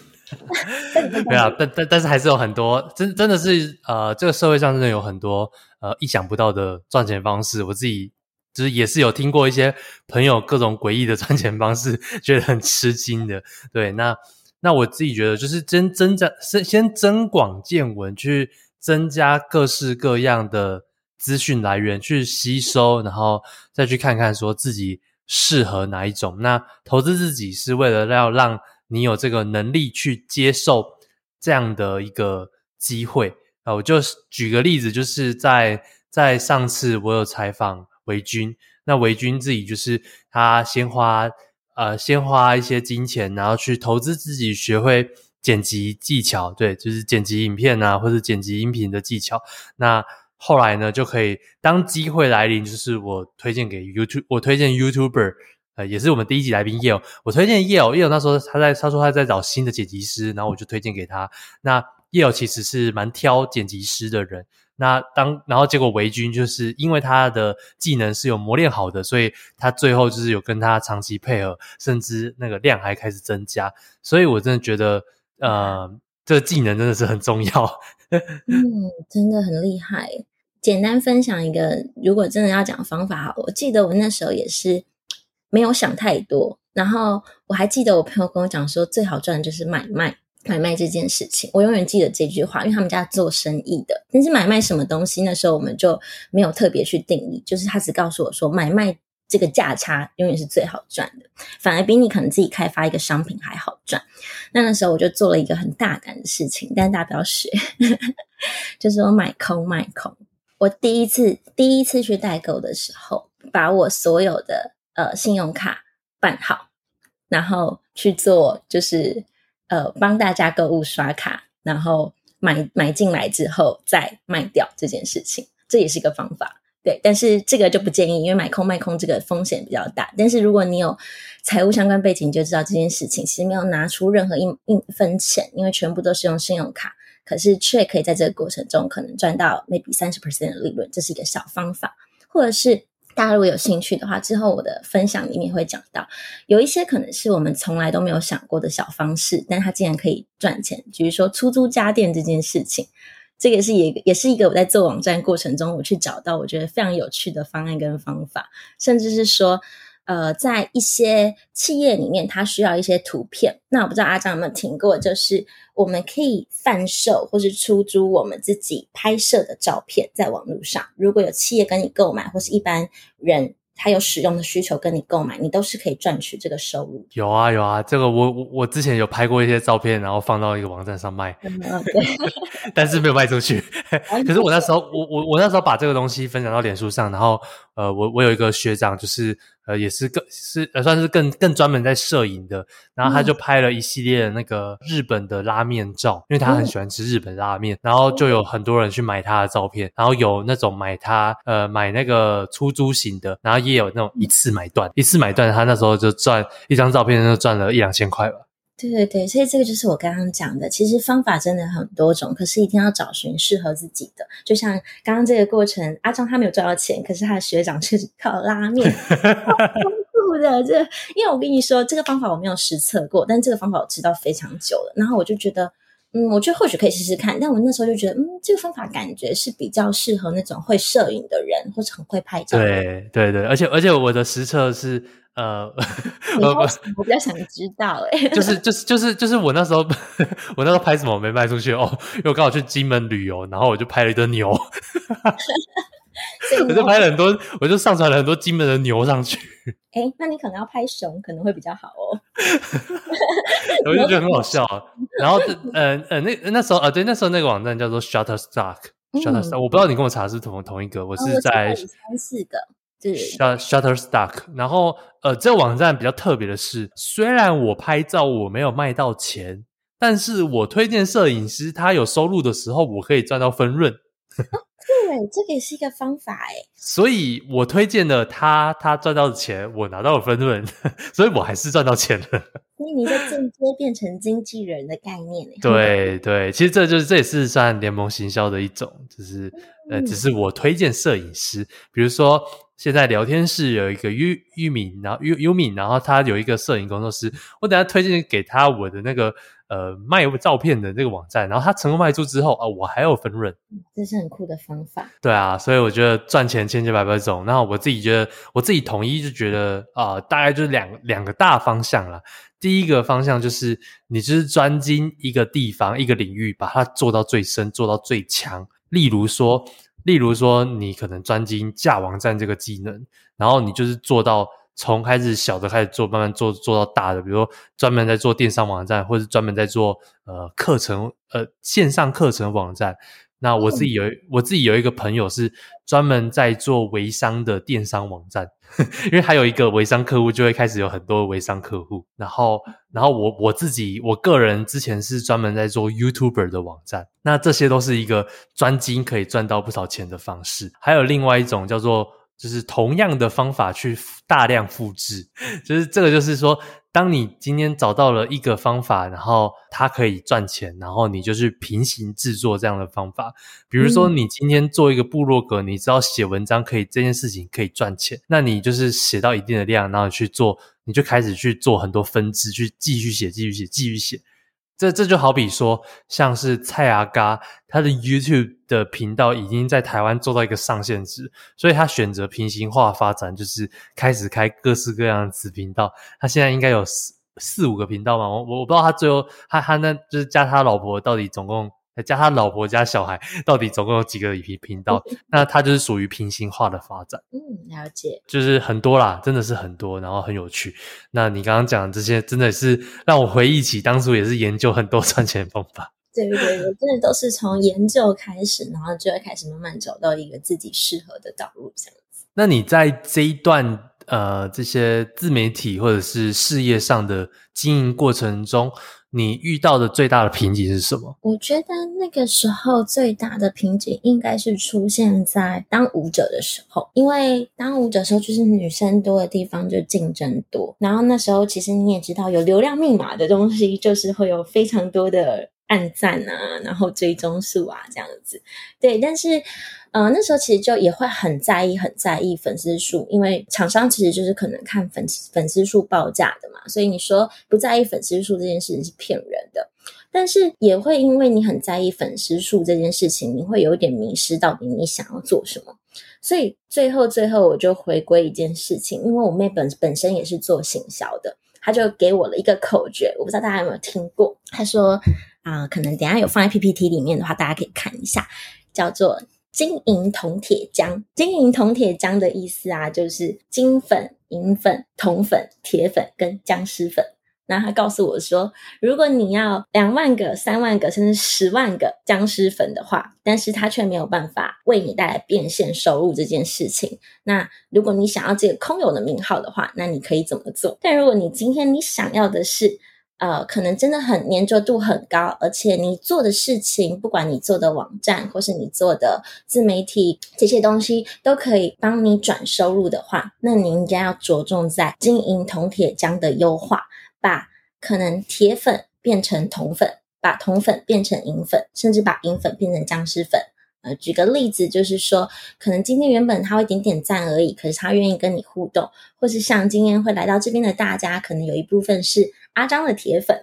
對 啊，但但但是還是有很多，真真的是呃，這個社會上真的有很多呃意想不到的賺錢方式。我自己就是也是有聽過一些朋友各種詭異的賺錢方式，覺得很吃驚的。對，那那我自己覺得就是先增長，先先增廣見聞，去增加各式各樣的。資訊來源去吸收，然後再去看看說自己適合哪一種。那投資自己是為了要讓你有這個能力去接受這樣的一個機會啊！那我就舉個例子，就是在在上次我有採訪維軍，那維軍自己就是他先花呃先花一些金錢，然後去投資自己，學會剪輯技巧，對，就是剪輯影片啊或者剪輯音頻的技巧，那。後來呢，就可以當機會來臨，就是我推薦給 YouTube，我推薦 YouTuber，呃，也是我們第一集來賓葉友，我推薦葉友。葉友那時候他說他在他說他在找新的剪輯師，然後我就推薦給他。那葉友其實是蠻挑剪輯師的人，那當然後結果維軍就是因為他的技能是有磨練好的，所以他最後就是有跟他長期配合，甚至那個量還開始增加，所以我真的覺得，呃。這個技能真的是很重要 嗯，真的很厲害。簡單分享一個，如果真的要講方法，好，我記得我那時候也是沒有想太多，然後我還記得我朋友跟我講說，最好賺的就是買賣，買賣這件事情，我永遠記得這句話，因為他們家做生意的，但是買賣什麼東西，那時候我們就沒有特別去定義，就是他只告訴我說買賣。這個價差永遠是最好賺的，反而比你可能自己開發一個商品還好賺。那那時候我就做了一個很大膽的事情，但大家不要學， 就是我買空賣空。我第一次第一次去代購的時候，把我所有的呃信用卡辦好，然後去做就是呃幫大家購物刷卡，然後買買進來之後再賣掉這件事情，這也是一個方法。對，但是這個就不建議，因為買空賣空這個風險比較大。但是如果你有財務相關背景，你就知道這件事情其實沒有拿出任何一一分錢，因為全部都是用信用卡，可是卻可以在這個過程中可能賺到 maybe 三十 percent 的利潤，這是一個小方法。或者是大家如果有興趣的話，之後我的分享裡面會講到，有一些可能是我們從來都沒有想過的小方式，但它竟然可以賺錢，比如說出租家電這件事情。這個是也也是一個我在做網站過程中，我去找到我覺得非常有趣的方案跟方法，甚至是說，呃，在一些企業裡面，它需要一些圖片。那我不知道阿璋有沒有聽過，就是我們可以販售或是出租我們自己拍攝的照片在網絡上，如果有企業跟你購買或是一般人，他有使用的需求跟你購買，你都是可以賺取這個收入。有啊有啊,這個我我我之前有拍過一些照片，然後放到一個網站上賣，有有 但是沒有賣出去。 可是我那時候我我我那時候把這個東西分享到臉書上，然後呃我我有一個學長就是。呃，也是更是呃，算是更更專門在攝影的，然後他就拍了一系列的那個日本的拉麵照，因為他很喜歡吃日本拉麵，然後就有很多人去買他的照片，然後有那種買他呃買那個出租型的，然後也有那種一次買斷，一次買斷，他那時候就賺，一張照片就賺了一兩千塊吧。對對對，所以這個就是我剛剛講的。其實方法真的很多種，可是一定要找尋適合自己的。就像剛剛這個過程，阿璋他沒有賺到錢，可是他的學長就是靠拉麵，好豐富 的這。因為我跟你說，這個方法我沒有實測過，但這個方法我知道非常久了。然後我就覺得。嗯，我覺得或許可以試試看，但我那時候就覺得，嗯，這個方法感覺是比較適合那種會攝影的人，或者很會拍照的人。對對對，而且而且我的實測是，呃，好呃我我比較想知道，誒，就是就是就是就是我那時候 我那時候拍什麼我沒賣出去哦，因為我剛好去金門旅遊，然後我就拍了一堆牛。 我就拍了很多，我就上傳了很多金門的牛上去。誒那你可能要拍熊，可能會比較好哦。 我就覺得很好笑。然後 呃呃，那那時候啊、呃，對，那時候那個網站叫做 Shutterstock Shutterstock、嗯。我不知道你跟我查是,是同同一個。嗯、我是在是的，Shutterstock。然後呃，這個、網站比較特別的是，雖然我拍照我沒有賣到錢，但是我推薦攝影師他有收入的時候，我可以賺到分潤。哦、對，這個也是一個方法，所以我推薦了他，他賺到的錢，我拿到了分潤，所以我還是賺到錢了。所以你在間接變成經紀人的概念。 對對，其實這就是，這也是算聯盟行銷的一種，就是、嗯、呃，只是我推薦攝影師。比如說，現在聊天室有一個玉優，然後優優敏，然後他有一個攝影工作室，我等下推薦給他我的那個。呃，賣照片的那個網站，然後他成功賣出之後啊、呃，我還有分潤，這是很酷的方法。對啊，所以我覺得賺錢千千百百種，然後我自己覺得，我自己統一就覺得啊、呃，大概就是兩兩個大方向啦。第一個方向就是，你就是專精一個地方、一個領域，把它做到最深、做到最強。例如說，例如說，你可能專精架網站這個技能，然後你就是做到。從開始小的開始做，慢慢做做到大的，比如說專門在做電商網站，或者是專門在做呃課程呃線上課程網站。那我自己有我自己有一個朋友是專門在做微商的電商網站， 因為還有一個微商客戶就會開始有很多微商客戶。然後，然後我我自己我個人之前是專門在做 YouTuber 的網站，那這些都是一個專精，可以賺到不少錢的方式。還有另外一種叫做。就是同樣的方法去大量複製，就是這個，就是說，當你今天找到了一個方法，然後它可以賺錢，然後你就去平行製作這樣的方法。比如說，你今天做一個部落格，你知道寫文章可以，這件事情可以賺錢，那你就是寫到一定的量，然後去做，你就開始去做很多分支，去繼續寫，繼續寫，繼續寫。這這就好比說，像是蔡阿嘎，他的 YouTube 的頻道已經在台灣做到一個上限值，所以他選擇平行化發展，就是開始開各式各樣的子頻道。他現在應該有四四五個頻道嘛？我我不知道他最後他他那就是加他老婆到底總共。加他老婆加小孩，到底總共有幾個頻頻道？嗯、那他就是屬於平行化的發展。嗯，了解，就是很多啦，真的是很多，然後很有趣。那你剛剛講的這些，真的是讓我回憶起當初也是研究很多賺錢方法。對對對，真的都是從研究開始，然後就會開始慢慢找到一個自己適合的道路，這樣子。那你在這一段呃，這些自媒體或者是事業上的經營過程中，你遇到的最大的瓶頸是什麼？我覺得那個時候最大的瓶頸應該是出現在當舞者的時候，因為當舞者的時候就是女生多的地方就競爭多，然後那時候其實你也知道，有流量密碼的東西就是會有非常多的按讚啊，然後追蹤數啊這樣子，對，但是。呃，那時候其實就也會很在意、很在意粉絲數，因為廠商其實就是可能看粉粉絲數報價的嘛，所以你說不在意粉絲數這件事情是騙人的，但是也會因為你很在意粉絲數這件事情，你會有一點迷失到底你想要做什麼。所以最後最後我就回歸一件事情，因為我妹本本身也是做行銷的，她就給我了一個口訣，我不知道大家有沒有聽過，她說啊、呃，可能等一下有放在 PPT 裡面的話，大家可以看一下，叫做。金銀銅鐵漿，金銀銅鐵漿的意思啊，就是金粉、銀粉、銅粉、鐵粉跟僵屍粉。那他告訴我說，如果你要兩萬個、三萬個，甚至十萬個僵屍粉的話，但是它卻沒有辦法為你帶來變現收入這件事情。那如果你想要這個空有的名號的話，那你可以怎麼做？但如果你今天你想要的是。呃，可能真的很黏著度很高，而且你做的事情，不管你做的網站或是你做的自媒體這些東西，都可以幫你轉收入的話，那你應該要着重在經營銅鐵漿的優化，把可能鐵粉變成銅粉，把銅粉變成銀粉，甚至把銀粉變成僵屍粉。呃，舉個例子，就是說，可能今天原本他會點點讚而已，可是他願意跟你互動，或是像今天會來到這邊的大家，可能有一部分是。阿璋的鐵粉，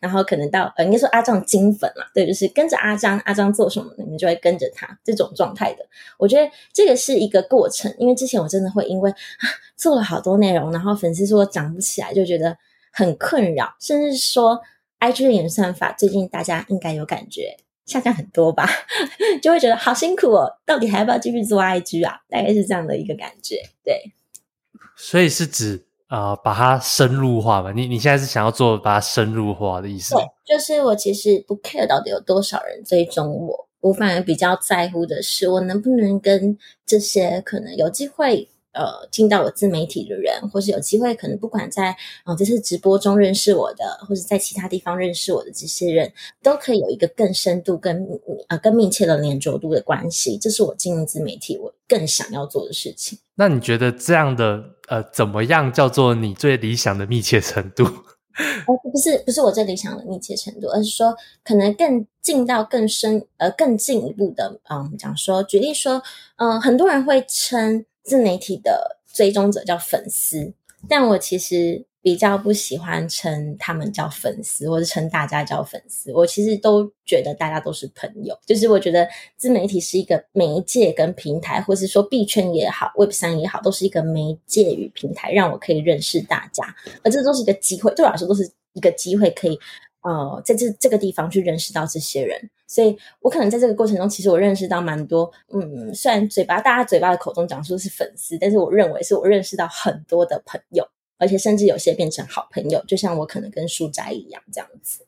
然後可能到呃，應該說阿璋金粉嘛。啊，對，就是跟着阿璋，阿璋做什麼你們就會跟着他這種狀態的。我覺得這個是一個過程，因為之前我真的會因為、啊、做了好多內容，然後粉絲說漲不起來，就覺得很困擾，甚至說 IG 的演算法最近大家應該有感覺下降很多吧， 就會覺得好辛苦哦，到底還要不要繼續做 IG 啊？大概是這樣的一個感覺，對。所以是指。啊、呃，把它深入化吧。你你現在是想要做把它深入化的意思？對，就是我其實不 care 到底有多少人追蹤我，我反而比較在乎的是我能不能跟這些可能有機會。呃，進到我自媒體的人，或是有機會可能不管在啊、呃，就是直播中認識我的，或者在其他地方認識我的這些人，都可以有一個更深度更密、更呃更密切的黏著度的關係。這是我進入自媒體我更想要做的事情。那你覺得這樣的呃，怎麼樣叫做你最理想的密切程度 、呃。不是，不是我最理想的密切程度，而是說可能更進到更深呃，更進一步的嗯、呃，講說，舉例說，嗯、呃，很多人會稱。自媒體的追蹤者叫粉絲，但我其實比較不喜歡稱他們叫粉絲，或是稱大家叫粉絲。我其實都覺得大家都是朋友，就是我覺得自媒體是一個媒介跟平台，或是說幣圈也好，Web 三也好，都是一個媒介與平台，讓我可以認識大家，而這都是一個機會。對我來說，都是一個機會可以。呃，在這這個地方去認識到這些人，所以我可能在這個過程中，其實我認識到蠻多。嗯，雖然嘴巴大家嘴巴的口中講出是粉絲，但是我認為是我認識到很多的朋友，而且甚至有些變成好朋友。就像我可能跟書齋一樣這樣子。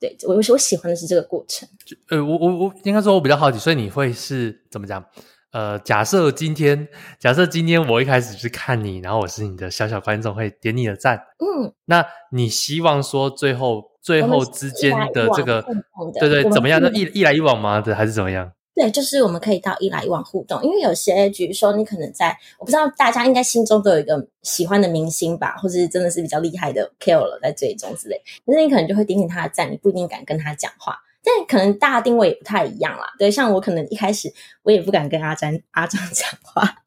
對，我我喜歡的是這個過程。呃，我我我應該說我比較好奇，所以你會是怎麼講？呃，假設今天，假設今天我一開始是看你，然後我是你的小小觀眾，會點你的讚。嗯，那你希望說最後？最後之間的這個，對對，一一怎麼樣？的對一來一往嗎？還是怎麼樣？對，就是我們可以到一來一往互動，因為有些，比如說你可能在，我不知道大家應該心中都有一個喜歡的明星吧，或者真的是比較厲害的 KOL 在這一種之類，那是你可能就會點點他的讚，你不一定敢跟他講話，但可能大家定位也不太一樣啦。對，像我可能一開始我也不敢跟阿璋阿璋講話。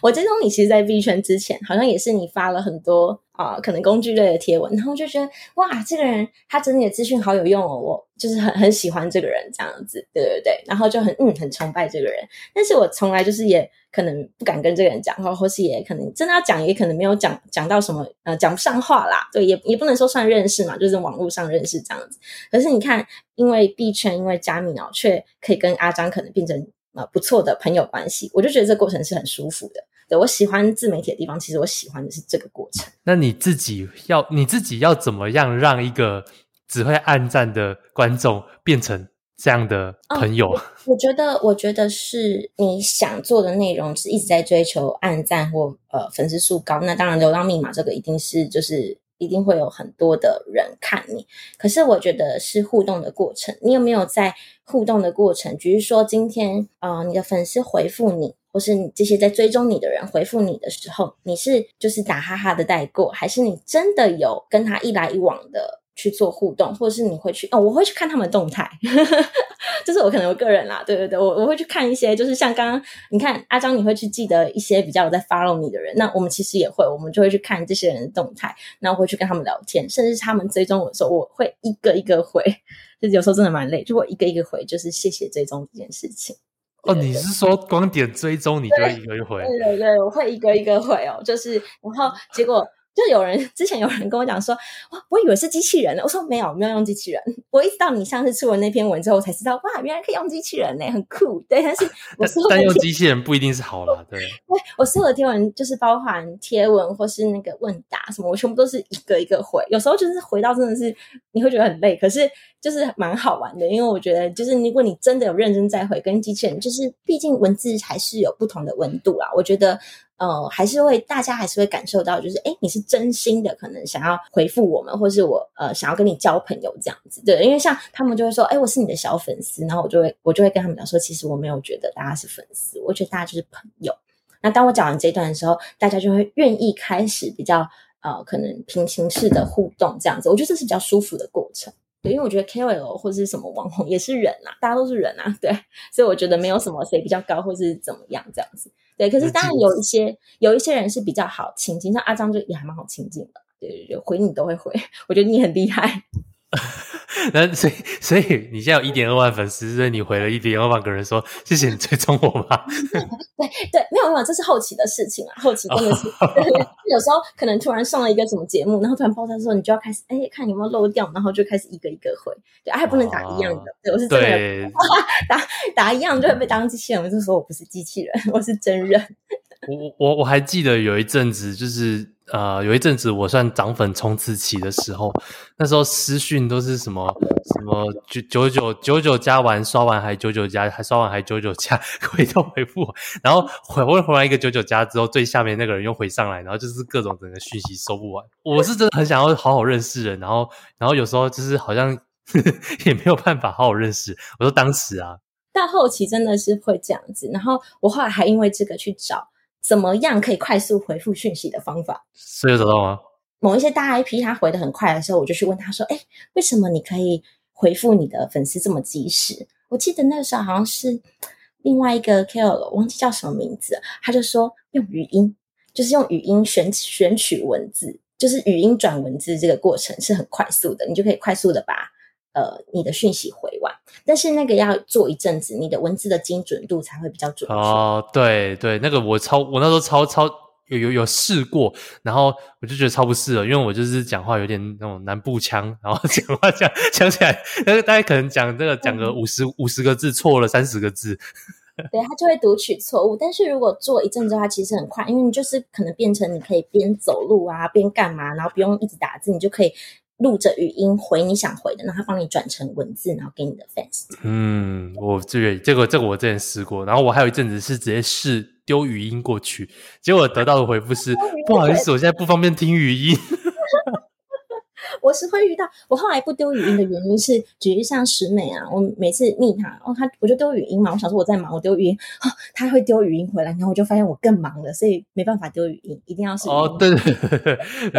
我追蹤你，其實，在幣圈之前，好像也是你發了很多啊、呃，可能工具類的貼文，然後就覺得哇，這個人他整理的資訊好有用哦，我就是很很喜歡這個人這樣子，對對對，然後就很嗯很崇拜這個人。但是我從來就是也可能不敢跟這個人講話，或或是也可能真的要講，也可能沒有講講到什麼呃講不上話啦，對，也也不能說算認識嘛，就是網絡上認識這樣子。可是你看，因為幣圈因為加密哦，卻可以跟阿璋可能變成。啊、呃，不錯的朋友關係，我就覺得這個過程是很舒服的。對，我喜歡自媒體的地方，其實我喜歡的是這個過程。那你自己要你自己要怎麼樣讓一個只會按讚的觀眾變成這樣的朋友哦？我覺得，我覺得是你想做的內容是一直在追求按讚或呃粉絲數高。那當然，流量密碼這個一定是就是。一定會有很多的人看你，可是我覺得是互動的過程。你有沒有在互動的過程？比如說今天，呃，你的粉絲回復你，或是你這些在追蹤你的人回復你的時候，你是就是打哈哈的帶過，還是你真的有跟他一來一往的？去做互動，或者是你會去哦，我會去看他們的動態，呵呵，就是我可能我個人啦，對對對，我我會去看一些，就是像剛剛你看阿璋，你會去記得一些比較有在 follow 你的人，那我們其實也會，我們就會去看這些人的動態，那我會去跟他們聊天，甚至是他們追蹤我的時候，我會一個一個回，就是、有時候真的蠻累，就會一個一個回，就是謝謝追蹤這件事情。對對對哦，你是說光點追蹤，你就一個一個回對？對對對，我會一個一個回哦，就是然後結果。 就有人之前有人跟我講說，哇，我以為是機器人呢。我說沒有，我沒有用機器人。我一直到你上次出了那篇文之後我才知道，哇，原來可以用機器人呢、欸，很酷。對，但是我說，但用機器人不一定是好啦對,對，我所有的貼文就是包含貼文或是那個問答什麼，我全部都是一個一個回。有時候就是回到真的是你會覺得很累，可是就是蠻好玩的，因為我覺得就是如果你真的有認真在回跟機器人，就是畢竟文字還是有不同的溫度啦。我覺得。呃，還是會大家還是會感受到，就是哎，你是真心的，可能想要回復我們，或是我呃，想要跟你交朋友這樣子，對。因為像他們就會說，哎，我是你的小粉絲，然後我就會我就會跟他們講說，其實我沒有覺得大家是粉絲，我覺得大家就是朋友。那當我講完這段的時候，大家就會願意開始比較呃，可能平行式的互動這樣子。我覺得這是比較舒服的過程，對。因為我覺得 KOL 或者是什麼網紅也是人啊，大家都是人啊，對。所以我覺得沒有什麼誰比較高或是怎麼樣這樣子。對，可是當然有一些有一些人是比較好親近，像阿璋就也還蠻好親近的。對對對，回你都會回，我覺得你很厲害。 那所以，所以你現在有一點二萬粉絲，所以你回了一點二萬個人說謝謝你追蹤我吧？ 對對，沒有沒有，這是後期的事情啊，後期真的是、哦、對 有時候可能突然上了一個什麼節目，然後突然爆炸的時候，你就要開始哎、欸、看有沒有漏掉，然後就開始一個一個回，對還不能打一樣的，哦、對我是真的，對打打一樣就會被當機器人，嗯、我就說我不是機器人，我是真人。 我我我還記得有一陣子就是。呃，有一陣子我算漲粉衝刺期的時候，那時候私訊都是什麼什麼九九九九九加，完刷完還九九加，還刷完還九九加，回頭回復，然後回回完一個九九加之後，最下面那個人又回上來，然後就是各種整個訊息收不完。我是真的很想要好好認識人，然後然後有時候就是好像呵呵也沒有辦法好好認識。我說當時啊，到後期真的是會這樣子，然後我後來還因為這個去找。怎麼樣可以快速回復訊息的方法？四月找到嗎？某一些大 IP 他回得很快的時候，我就去問他說：“哎，為什麼你可以回復你的粉絲這麼及時？”我記得那個時候好像是另外一個 KOL 忘記叫什麼名字，他就說用語音，就是用語音選選取文字，就是語音轉文字這個過程是很快速的，你就可以快速的把。呃，你的訊息回完，但是那個要做一陣子，你的文字的精準度才會比較準確。哦，對對，那個我超，我那時候超超有有有試過，然後我就覺得超不適合，因為我就是講話有點那種南部腔，然後講話講講起來，那個大家可能講這個、嗯、講個五十五十個字，錯了三十個字。對，他就會讀取錯誤，但是如果做一陣子的話，其實很快，因為你就是可能變成你可以邊走路啊，邊幹嘛，然後不用一直打字，你就可以。錄着語音回你想回的，然後他幫你轉成文字，然後給你的 fans。嗯，我這這個這個我之前試過，然後我還有一陣子是直接試丟語音過去，結果得到的回復是 不好意思， 我現在不方便聽語音。 我是會遇到，我後來不丟語音的原因是，比如像石美啊，我每次密他，哦，她，我就丟語音嘛，我想說我在忙，我丟語音，哦，他會丟語音回來，然後我就發現我更忙了，所以沒辦法丟語音，一定要是哦，對，對，對，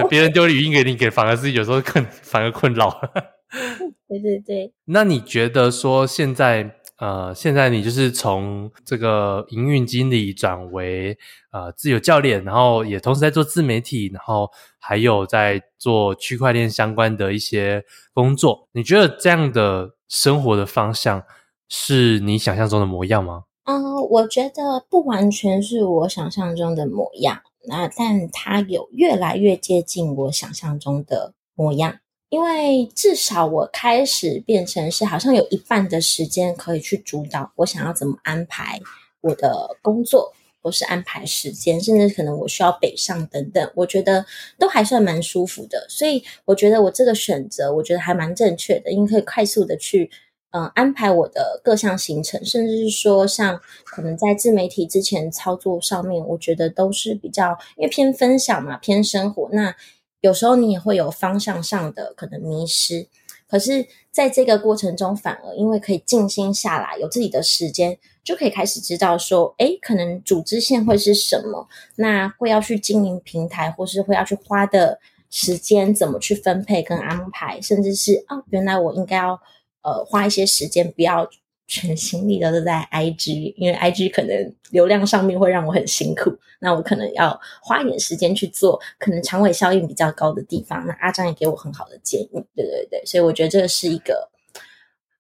別 人丟語音給你，給反而是有時候更反而困擾 、嗯。對對對。那你覺得說現在？呃，現在你就是從這個營運經理轉為呃自由教練，然後也同時在做自媒體，然後還有在做區塊鏈相關的一些工作。你覺得這樣的生活的方向是你想象中的模樣嗎？啊、呃，我覺得不完全是我想象中的模樣，那但它有越來越接近我想象中的模樣。因為至少我開始變成是，好像有一半的時間可以去主導我想要怎麼安排我的工作，或是安排時間，甚至可能我需要北上等等，我覺得都還算蠻舒服的。所以我覺得我這個選擇，我覺得還蠻正確的，因為可以快速的去嗯、呃、安排我的各項行程，甚至是說像可能在自媒體之前操作上面，我覺得都是比較因為偏分享嘛，偏生活那。有時候你也會有方向上的可能迷失，可是在這個過程中，反而因為可以靜心下來，有自己的時間，就可以開始知道說，哎，可能組織線會是什麼，那會要去經營平台，或是會要去花的時間怎麼去分配跟安排，甚至是啊、哦，原來我應該要呃花一些時間，不要。全心力都都在 IG，因為 IG 可能流量上面會讓我很辛苦，那我可能要花一點時間去做，可能長尾效應比較高的地方。那阿璋也給我很好的建議，對對對，所以我覺得這是一個，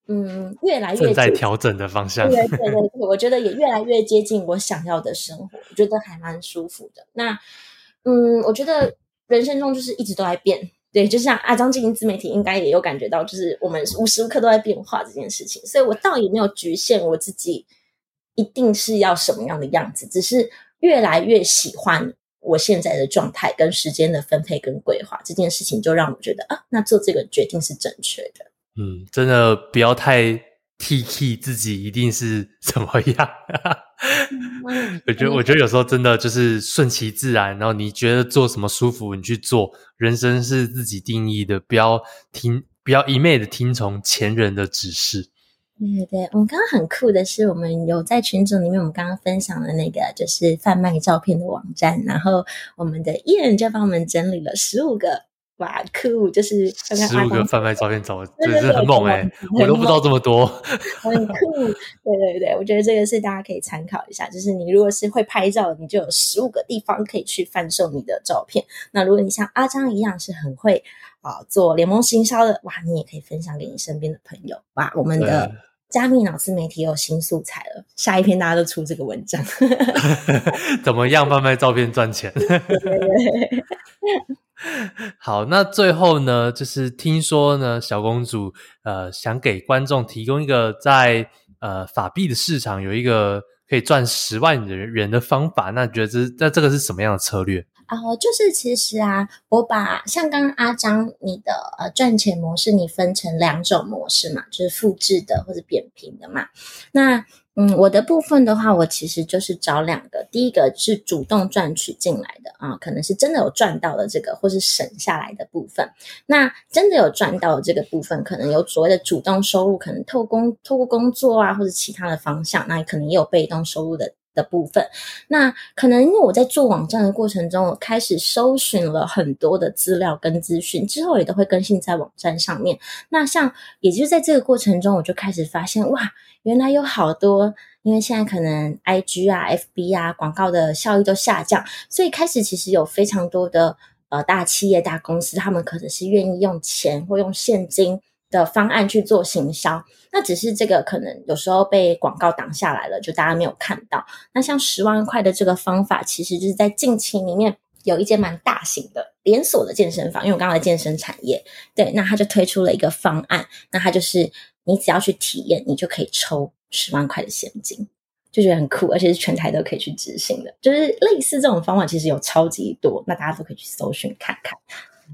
嗯，越來越在調整的方向，對，對對對，我覺得也越來越接近我想要的生活， 我覺得還蠻舒服的。那嗯，我覺得人生中就是一直都在變。對，就像阿、啊、張經營自媒體，應該也有感覺到，就是我們無時無刻都在變化這件事情，所以我倒也沒有局限我自己，一定是要什麼樣的樣子，只是越來越喜歡我現在的狀態跟時間的分配跟規劃這件事情，就讓我覺得啊，那做這個決定是正確的。嗯，真的不要太挑剔自己，一定是怎麼樣。呵呵 我覺得，我覺得有時候真的就是順其自然，然後你覺得做什麼舒服，你去做。人生是自己定義的，不要聽，不要一昧的聽從前人的指示。對對對，我們剛剛很酷的是，我們有在群組裡面，我們剛剛分享的那個就是販賣照片的網站，然後我們的藝人就幫我們整理了十五個。哇，酷！就是十五個販賣照片找，找的，就是很猛哎，欸，猛我都不知道這麼多，很酷。對對對，我覺得這個是大家可以參考一下。 就是你如果是會拍照，你就有十五個地方可以去販售你的照片。那如果你像阿璋一樣是很會啊做聯盟行銷的，哇，你也可以分享給你身邊的朋友。哇，我們的加密腦自媒體有新素材了，下一篇大家都出這個文章， 怎麼樣販賣照片賺錢？ 對對對對 好，那最後呢，就是聽說呢，小公主呃，想給觀眾提供一個在呃法幣的市場有一個可以賺十萬的人的方法，那你覺得這那這個是什麼樣的策略啊、呃？就是其實啊，我把像剛剛阿張你的呃賺錢模式，你分成兩種模式嘛，就是複製的或者扁平的嘛，那。嗯，我的部分的話，我其實就是找兩個，第一個是主動賺取進來的啊，可能是真的有賺到的這個，或是省下來的部分。那真的有賺到的這個部分，可能有所謂的主動收入，可能透工透過工作啊，或者其他的方向，那可能也有被動收入的。的部分，那可能因為我在做網站的過程中，我開始搜尋了很多的資料跟資訊，之後也都會更新在網站上面。那像，也就是在這個過程中，我就開始發現，哇，原來有好多，因為現在可能 IG 啊、FB 啊廣告的效益都下降，所以開始其實有非常多的呃大企業、大公司，他們可能是願意用錢或用現金的方案去做行銷，那只是這個可能有時候被廣告擋下來了，就大家沒有看到。那像十萬塊的這個方法，其實就是在近期裡面有一間蠻大型的連鎖的健身房，因為我剛才的健身產業，對，那他就推出了一個方案，那他就是你只要去體驗，你就可以抽十萬塊的現金，就覺得很酷，而且是全台都可以去執行的，就是類似這種方法，其實有超級多，那大家都可以去搜尋看看。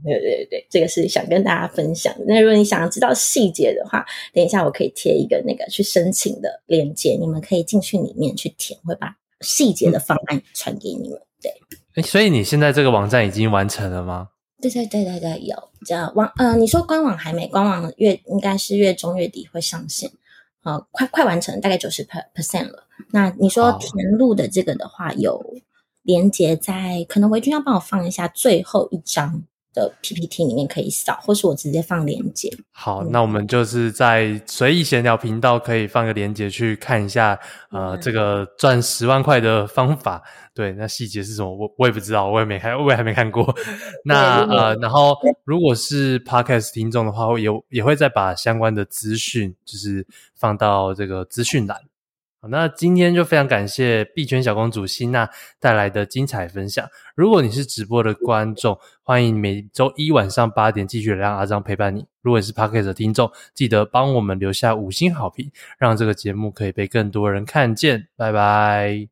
對對對對，這個是想跟大家分享。那如果你想要知道細節的話，等一下我可以貼一個那個去申請的鏈接，你們可以進去裡面去填，會把細節的方案傳給你們。嗯、對、欸，所以你現在這個網站已經完成了嗎？對對對對對，有呃網呃，你說官網還沒，官網月應該是月中月底會上線，呃快快完成，大概九十 percent 了。那你說填錄的這個的話，好有連接在，可能維君要幫我放一下最後一張。的 PPT 裡面可以掃，或是我直接放鏈接。好，嗯、那我們就是在隨意閒聊頻道可以放個鏈接去看一下，嗯、呃，這個賺十萬塊的方法，對，那細節是什麼？我我也不知道，我也沒看，我也還沒看過。 那、嗯、呃，然後如果是 Podcast 聽眾的話，我也也會再把相關的資訊，就是放到這個資訊欄。好，那今天就非常感謝幣圈小公主心娜帶來的精彩分享。如果你是直播的觀眾，歡迎每週一晚上八點繼續來讓阿璋陪伴你。如果你是 Podcast 的聽眾，記得幫我們留下五星好評，讓這個節目可以被更多人看見。拜拜。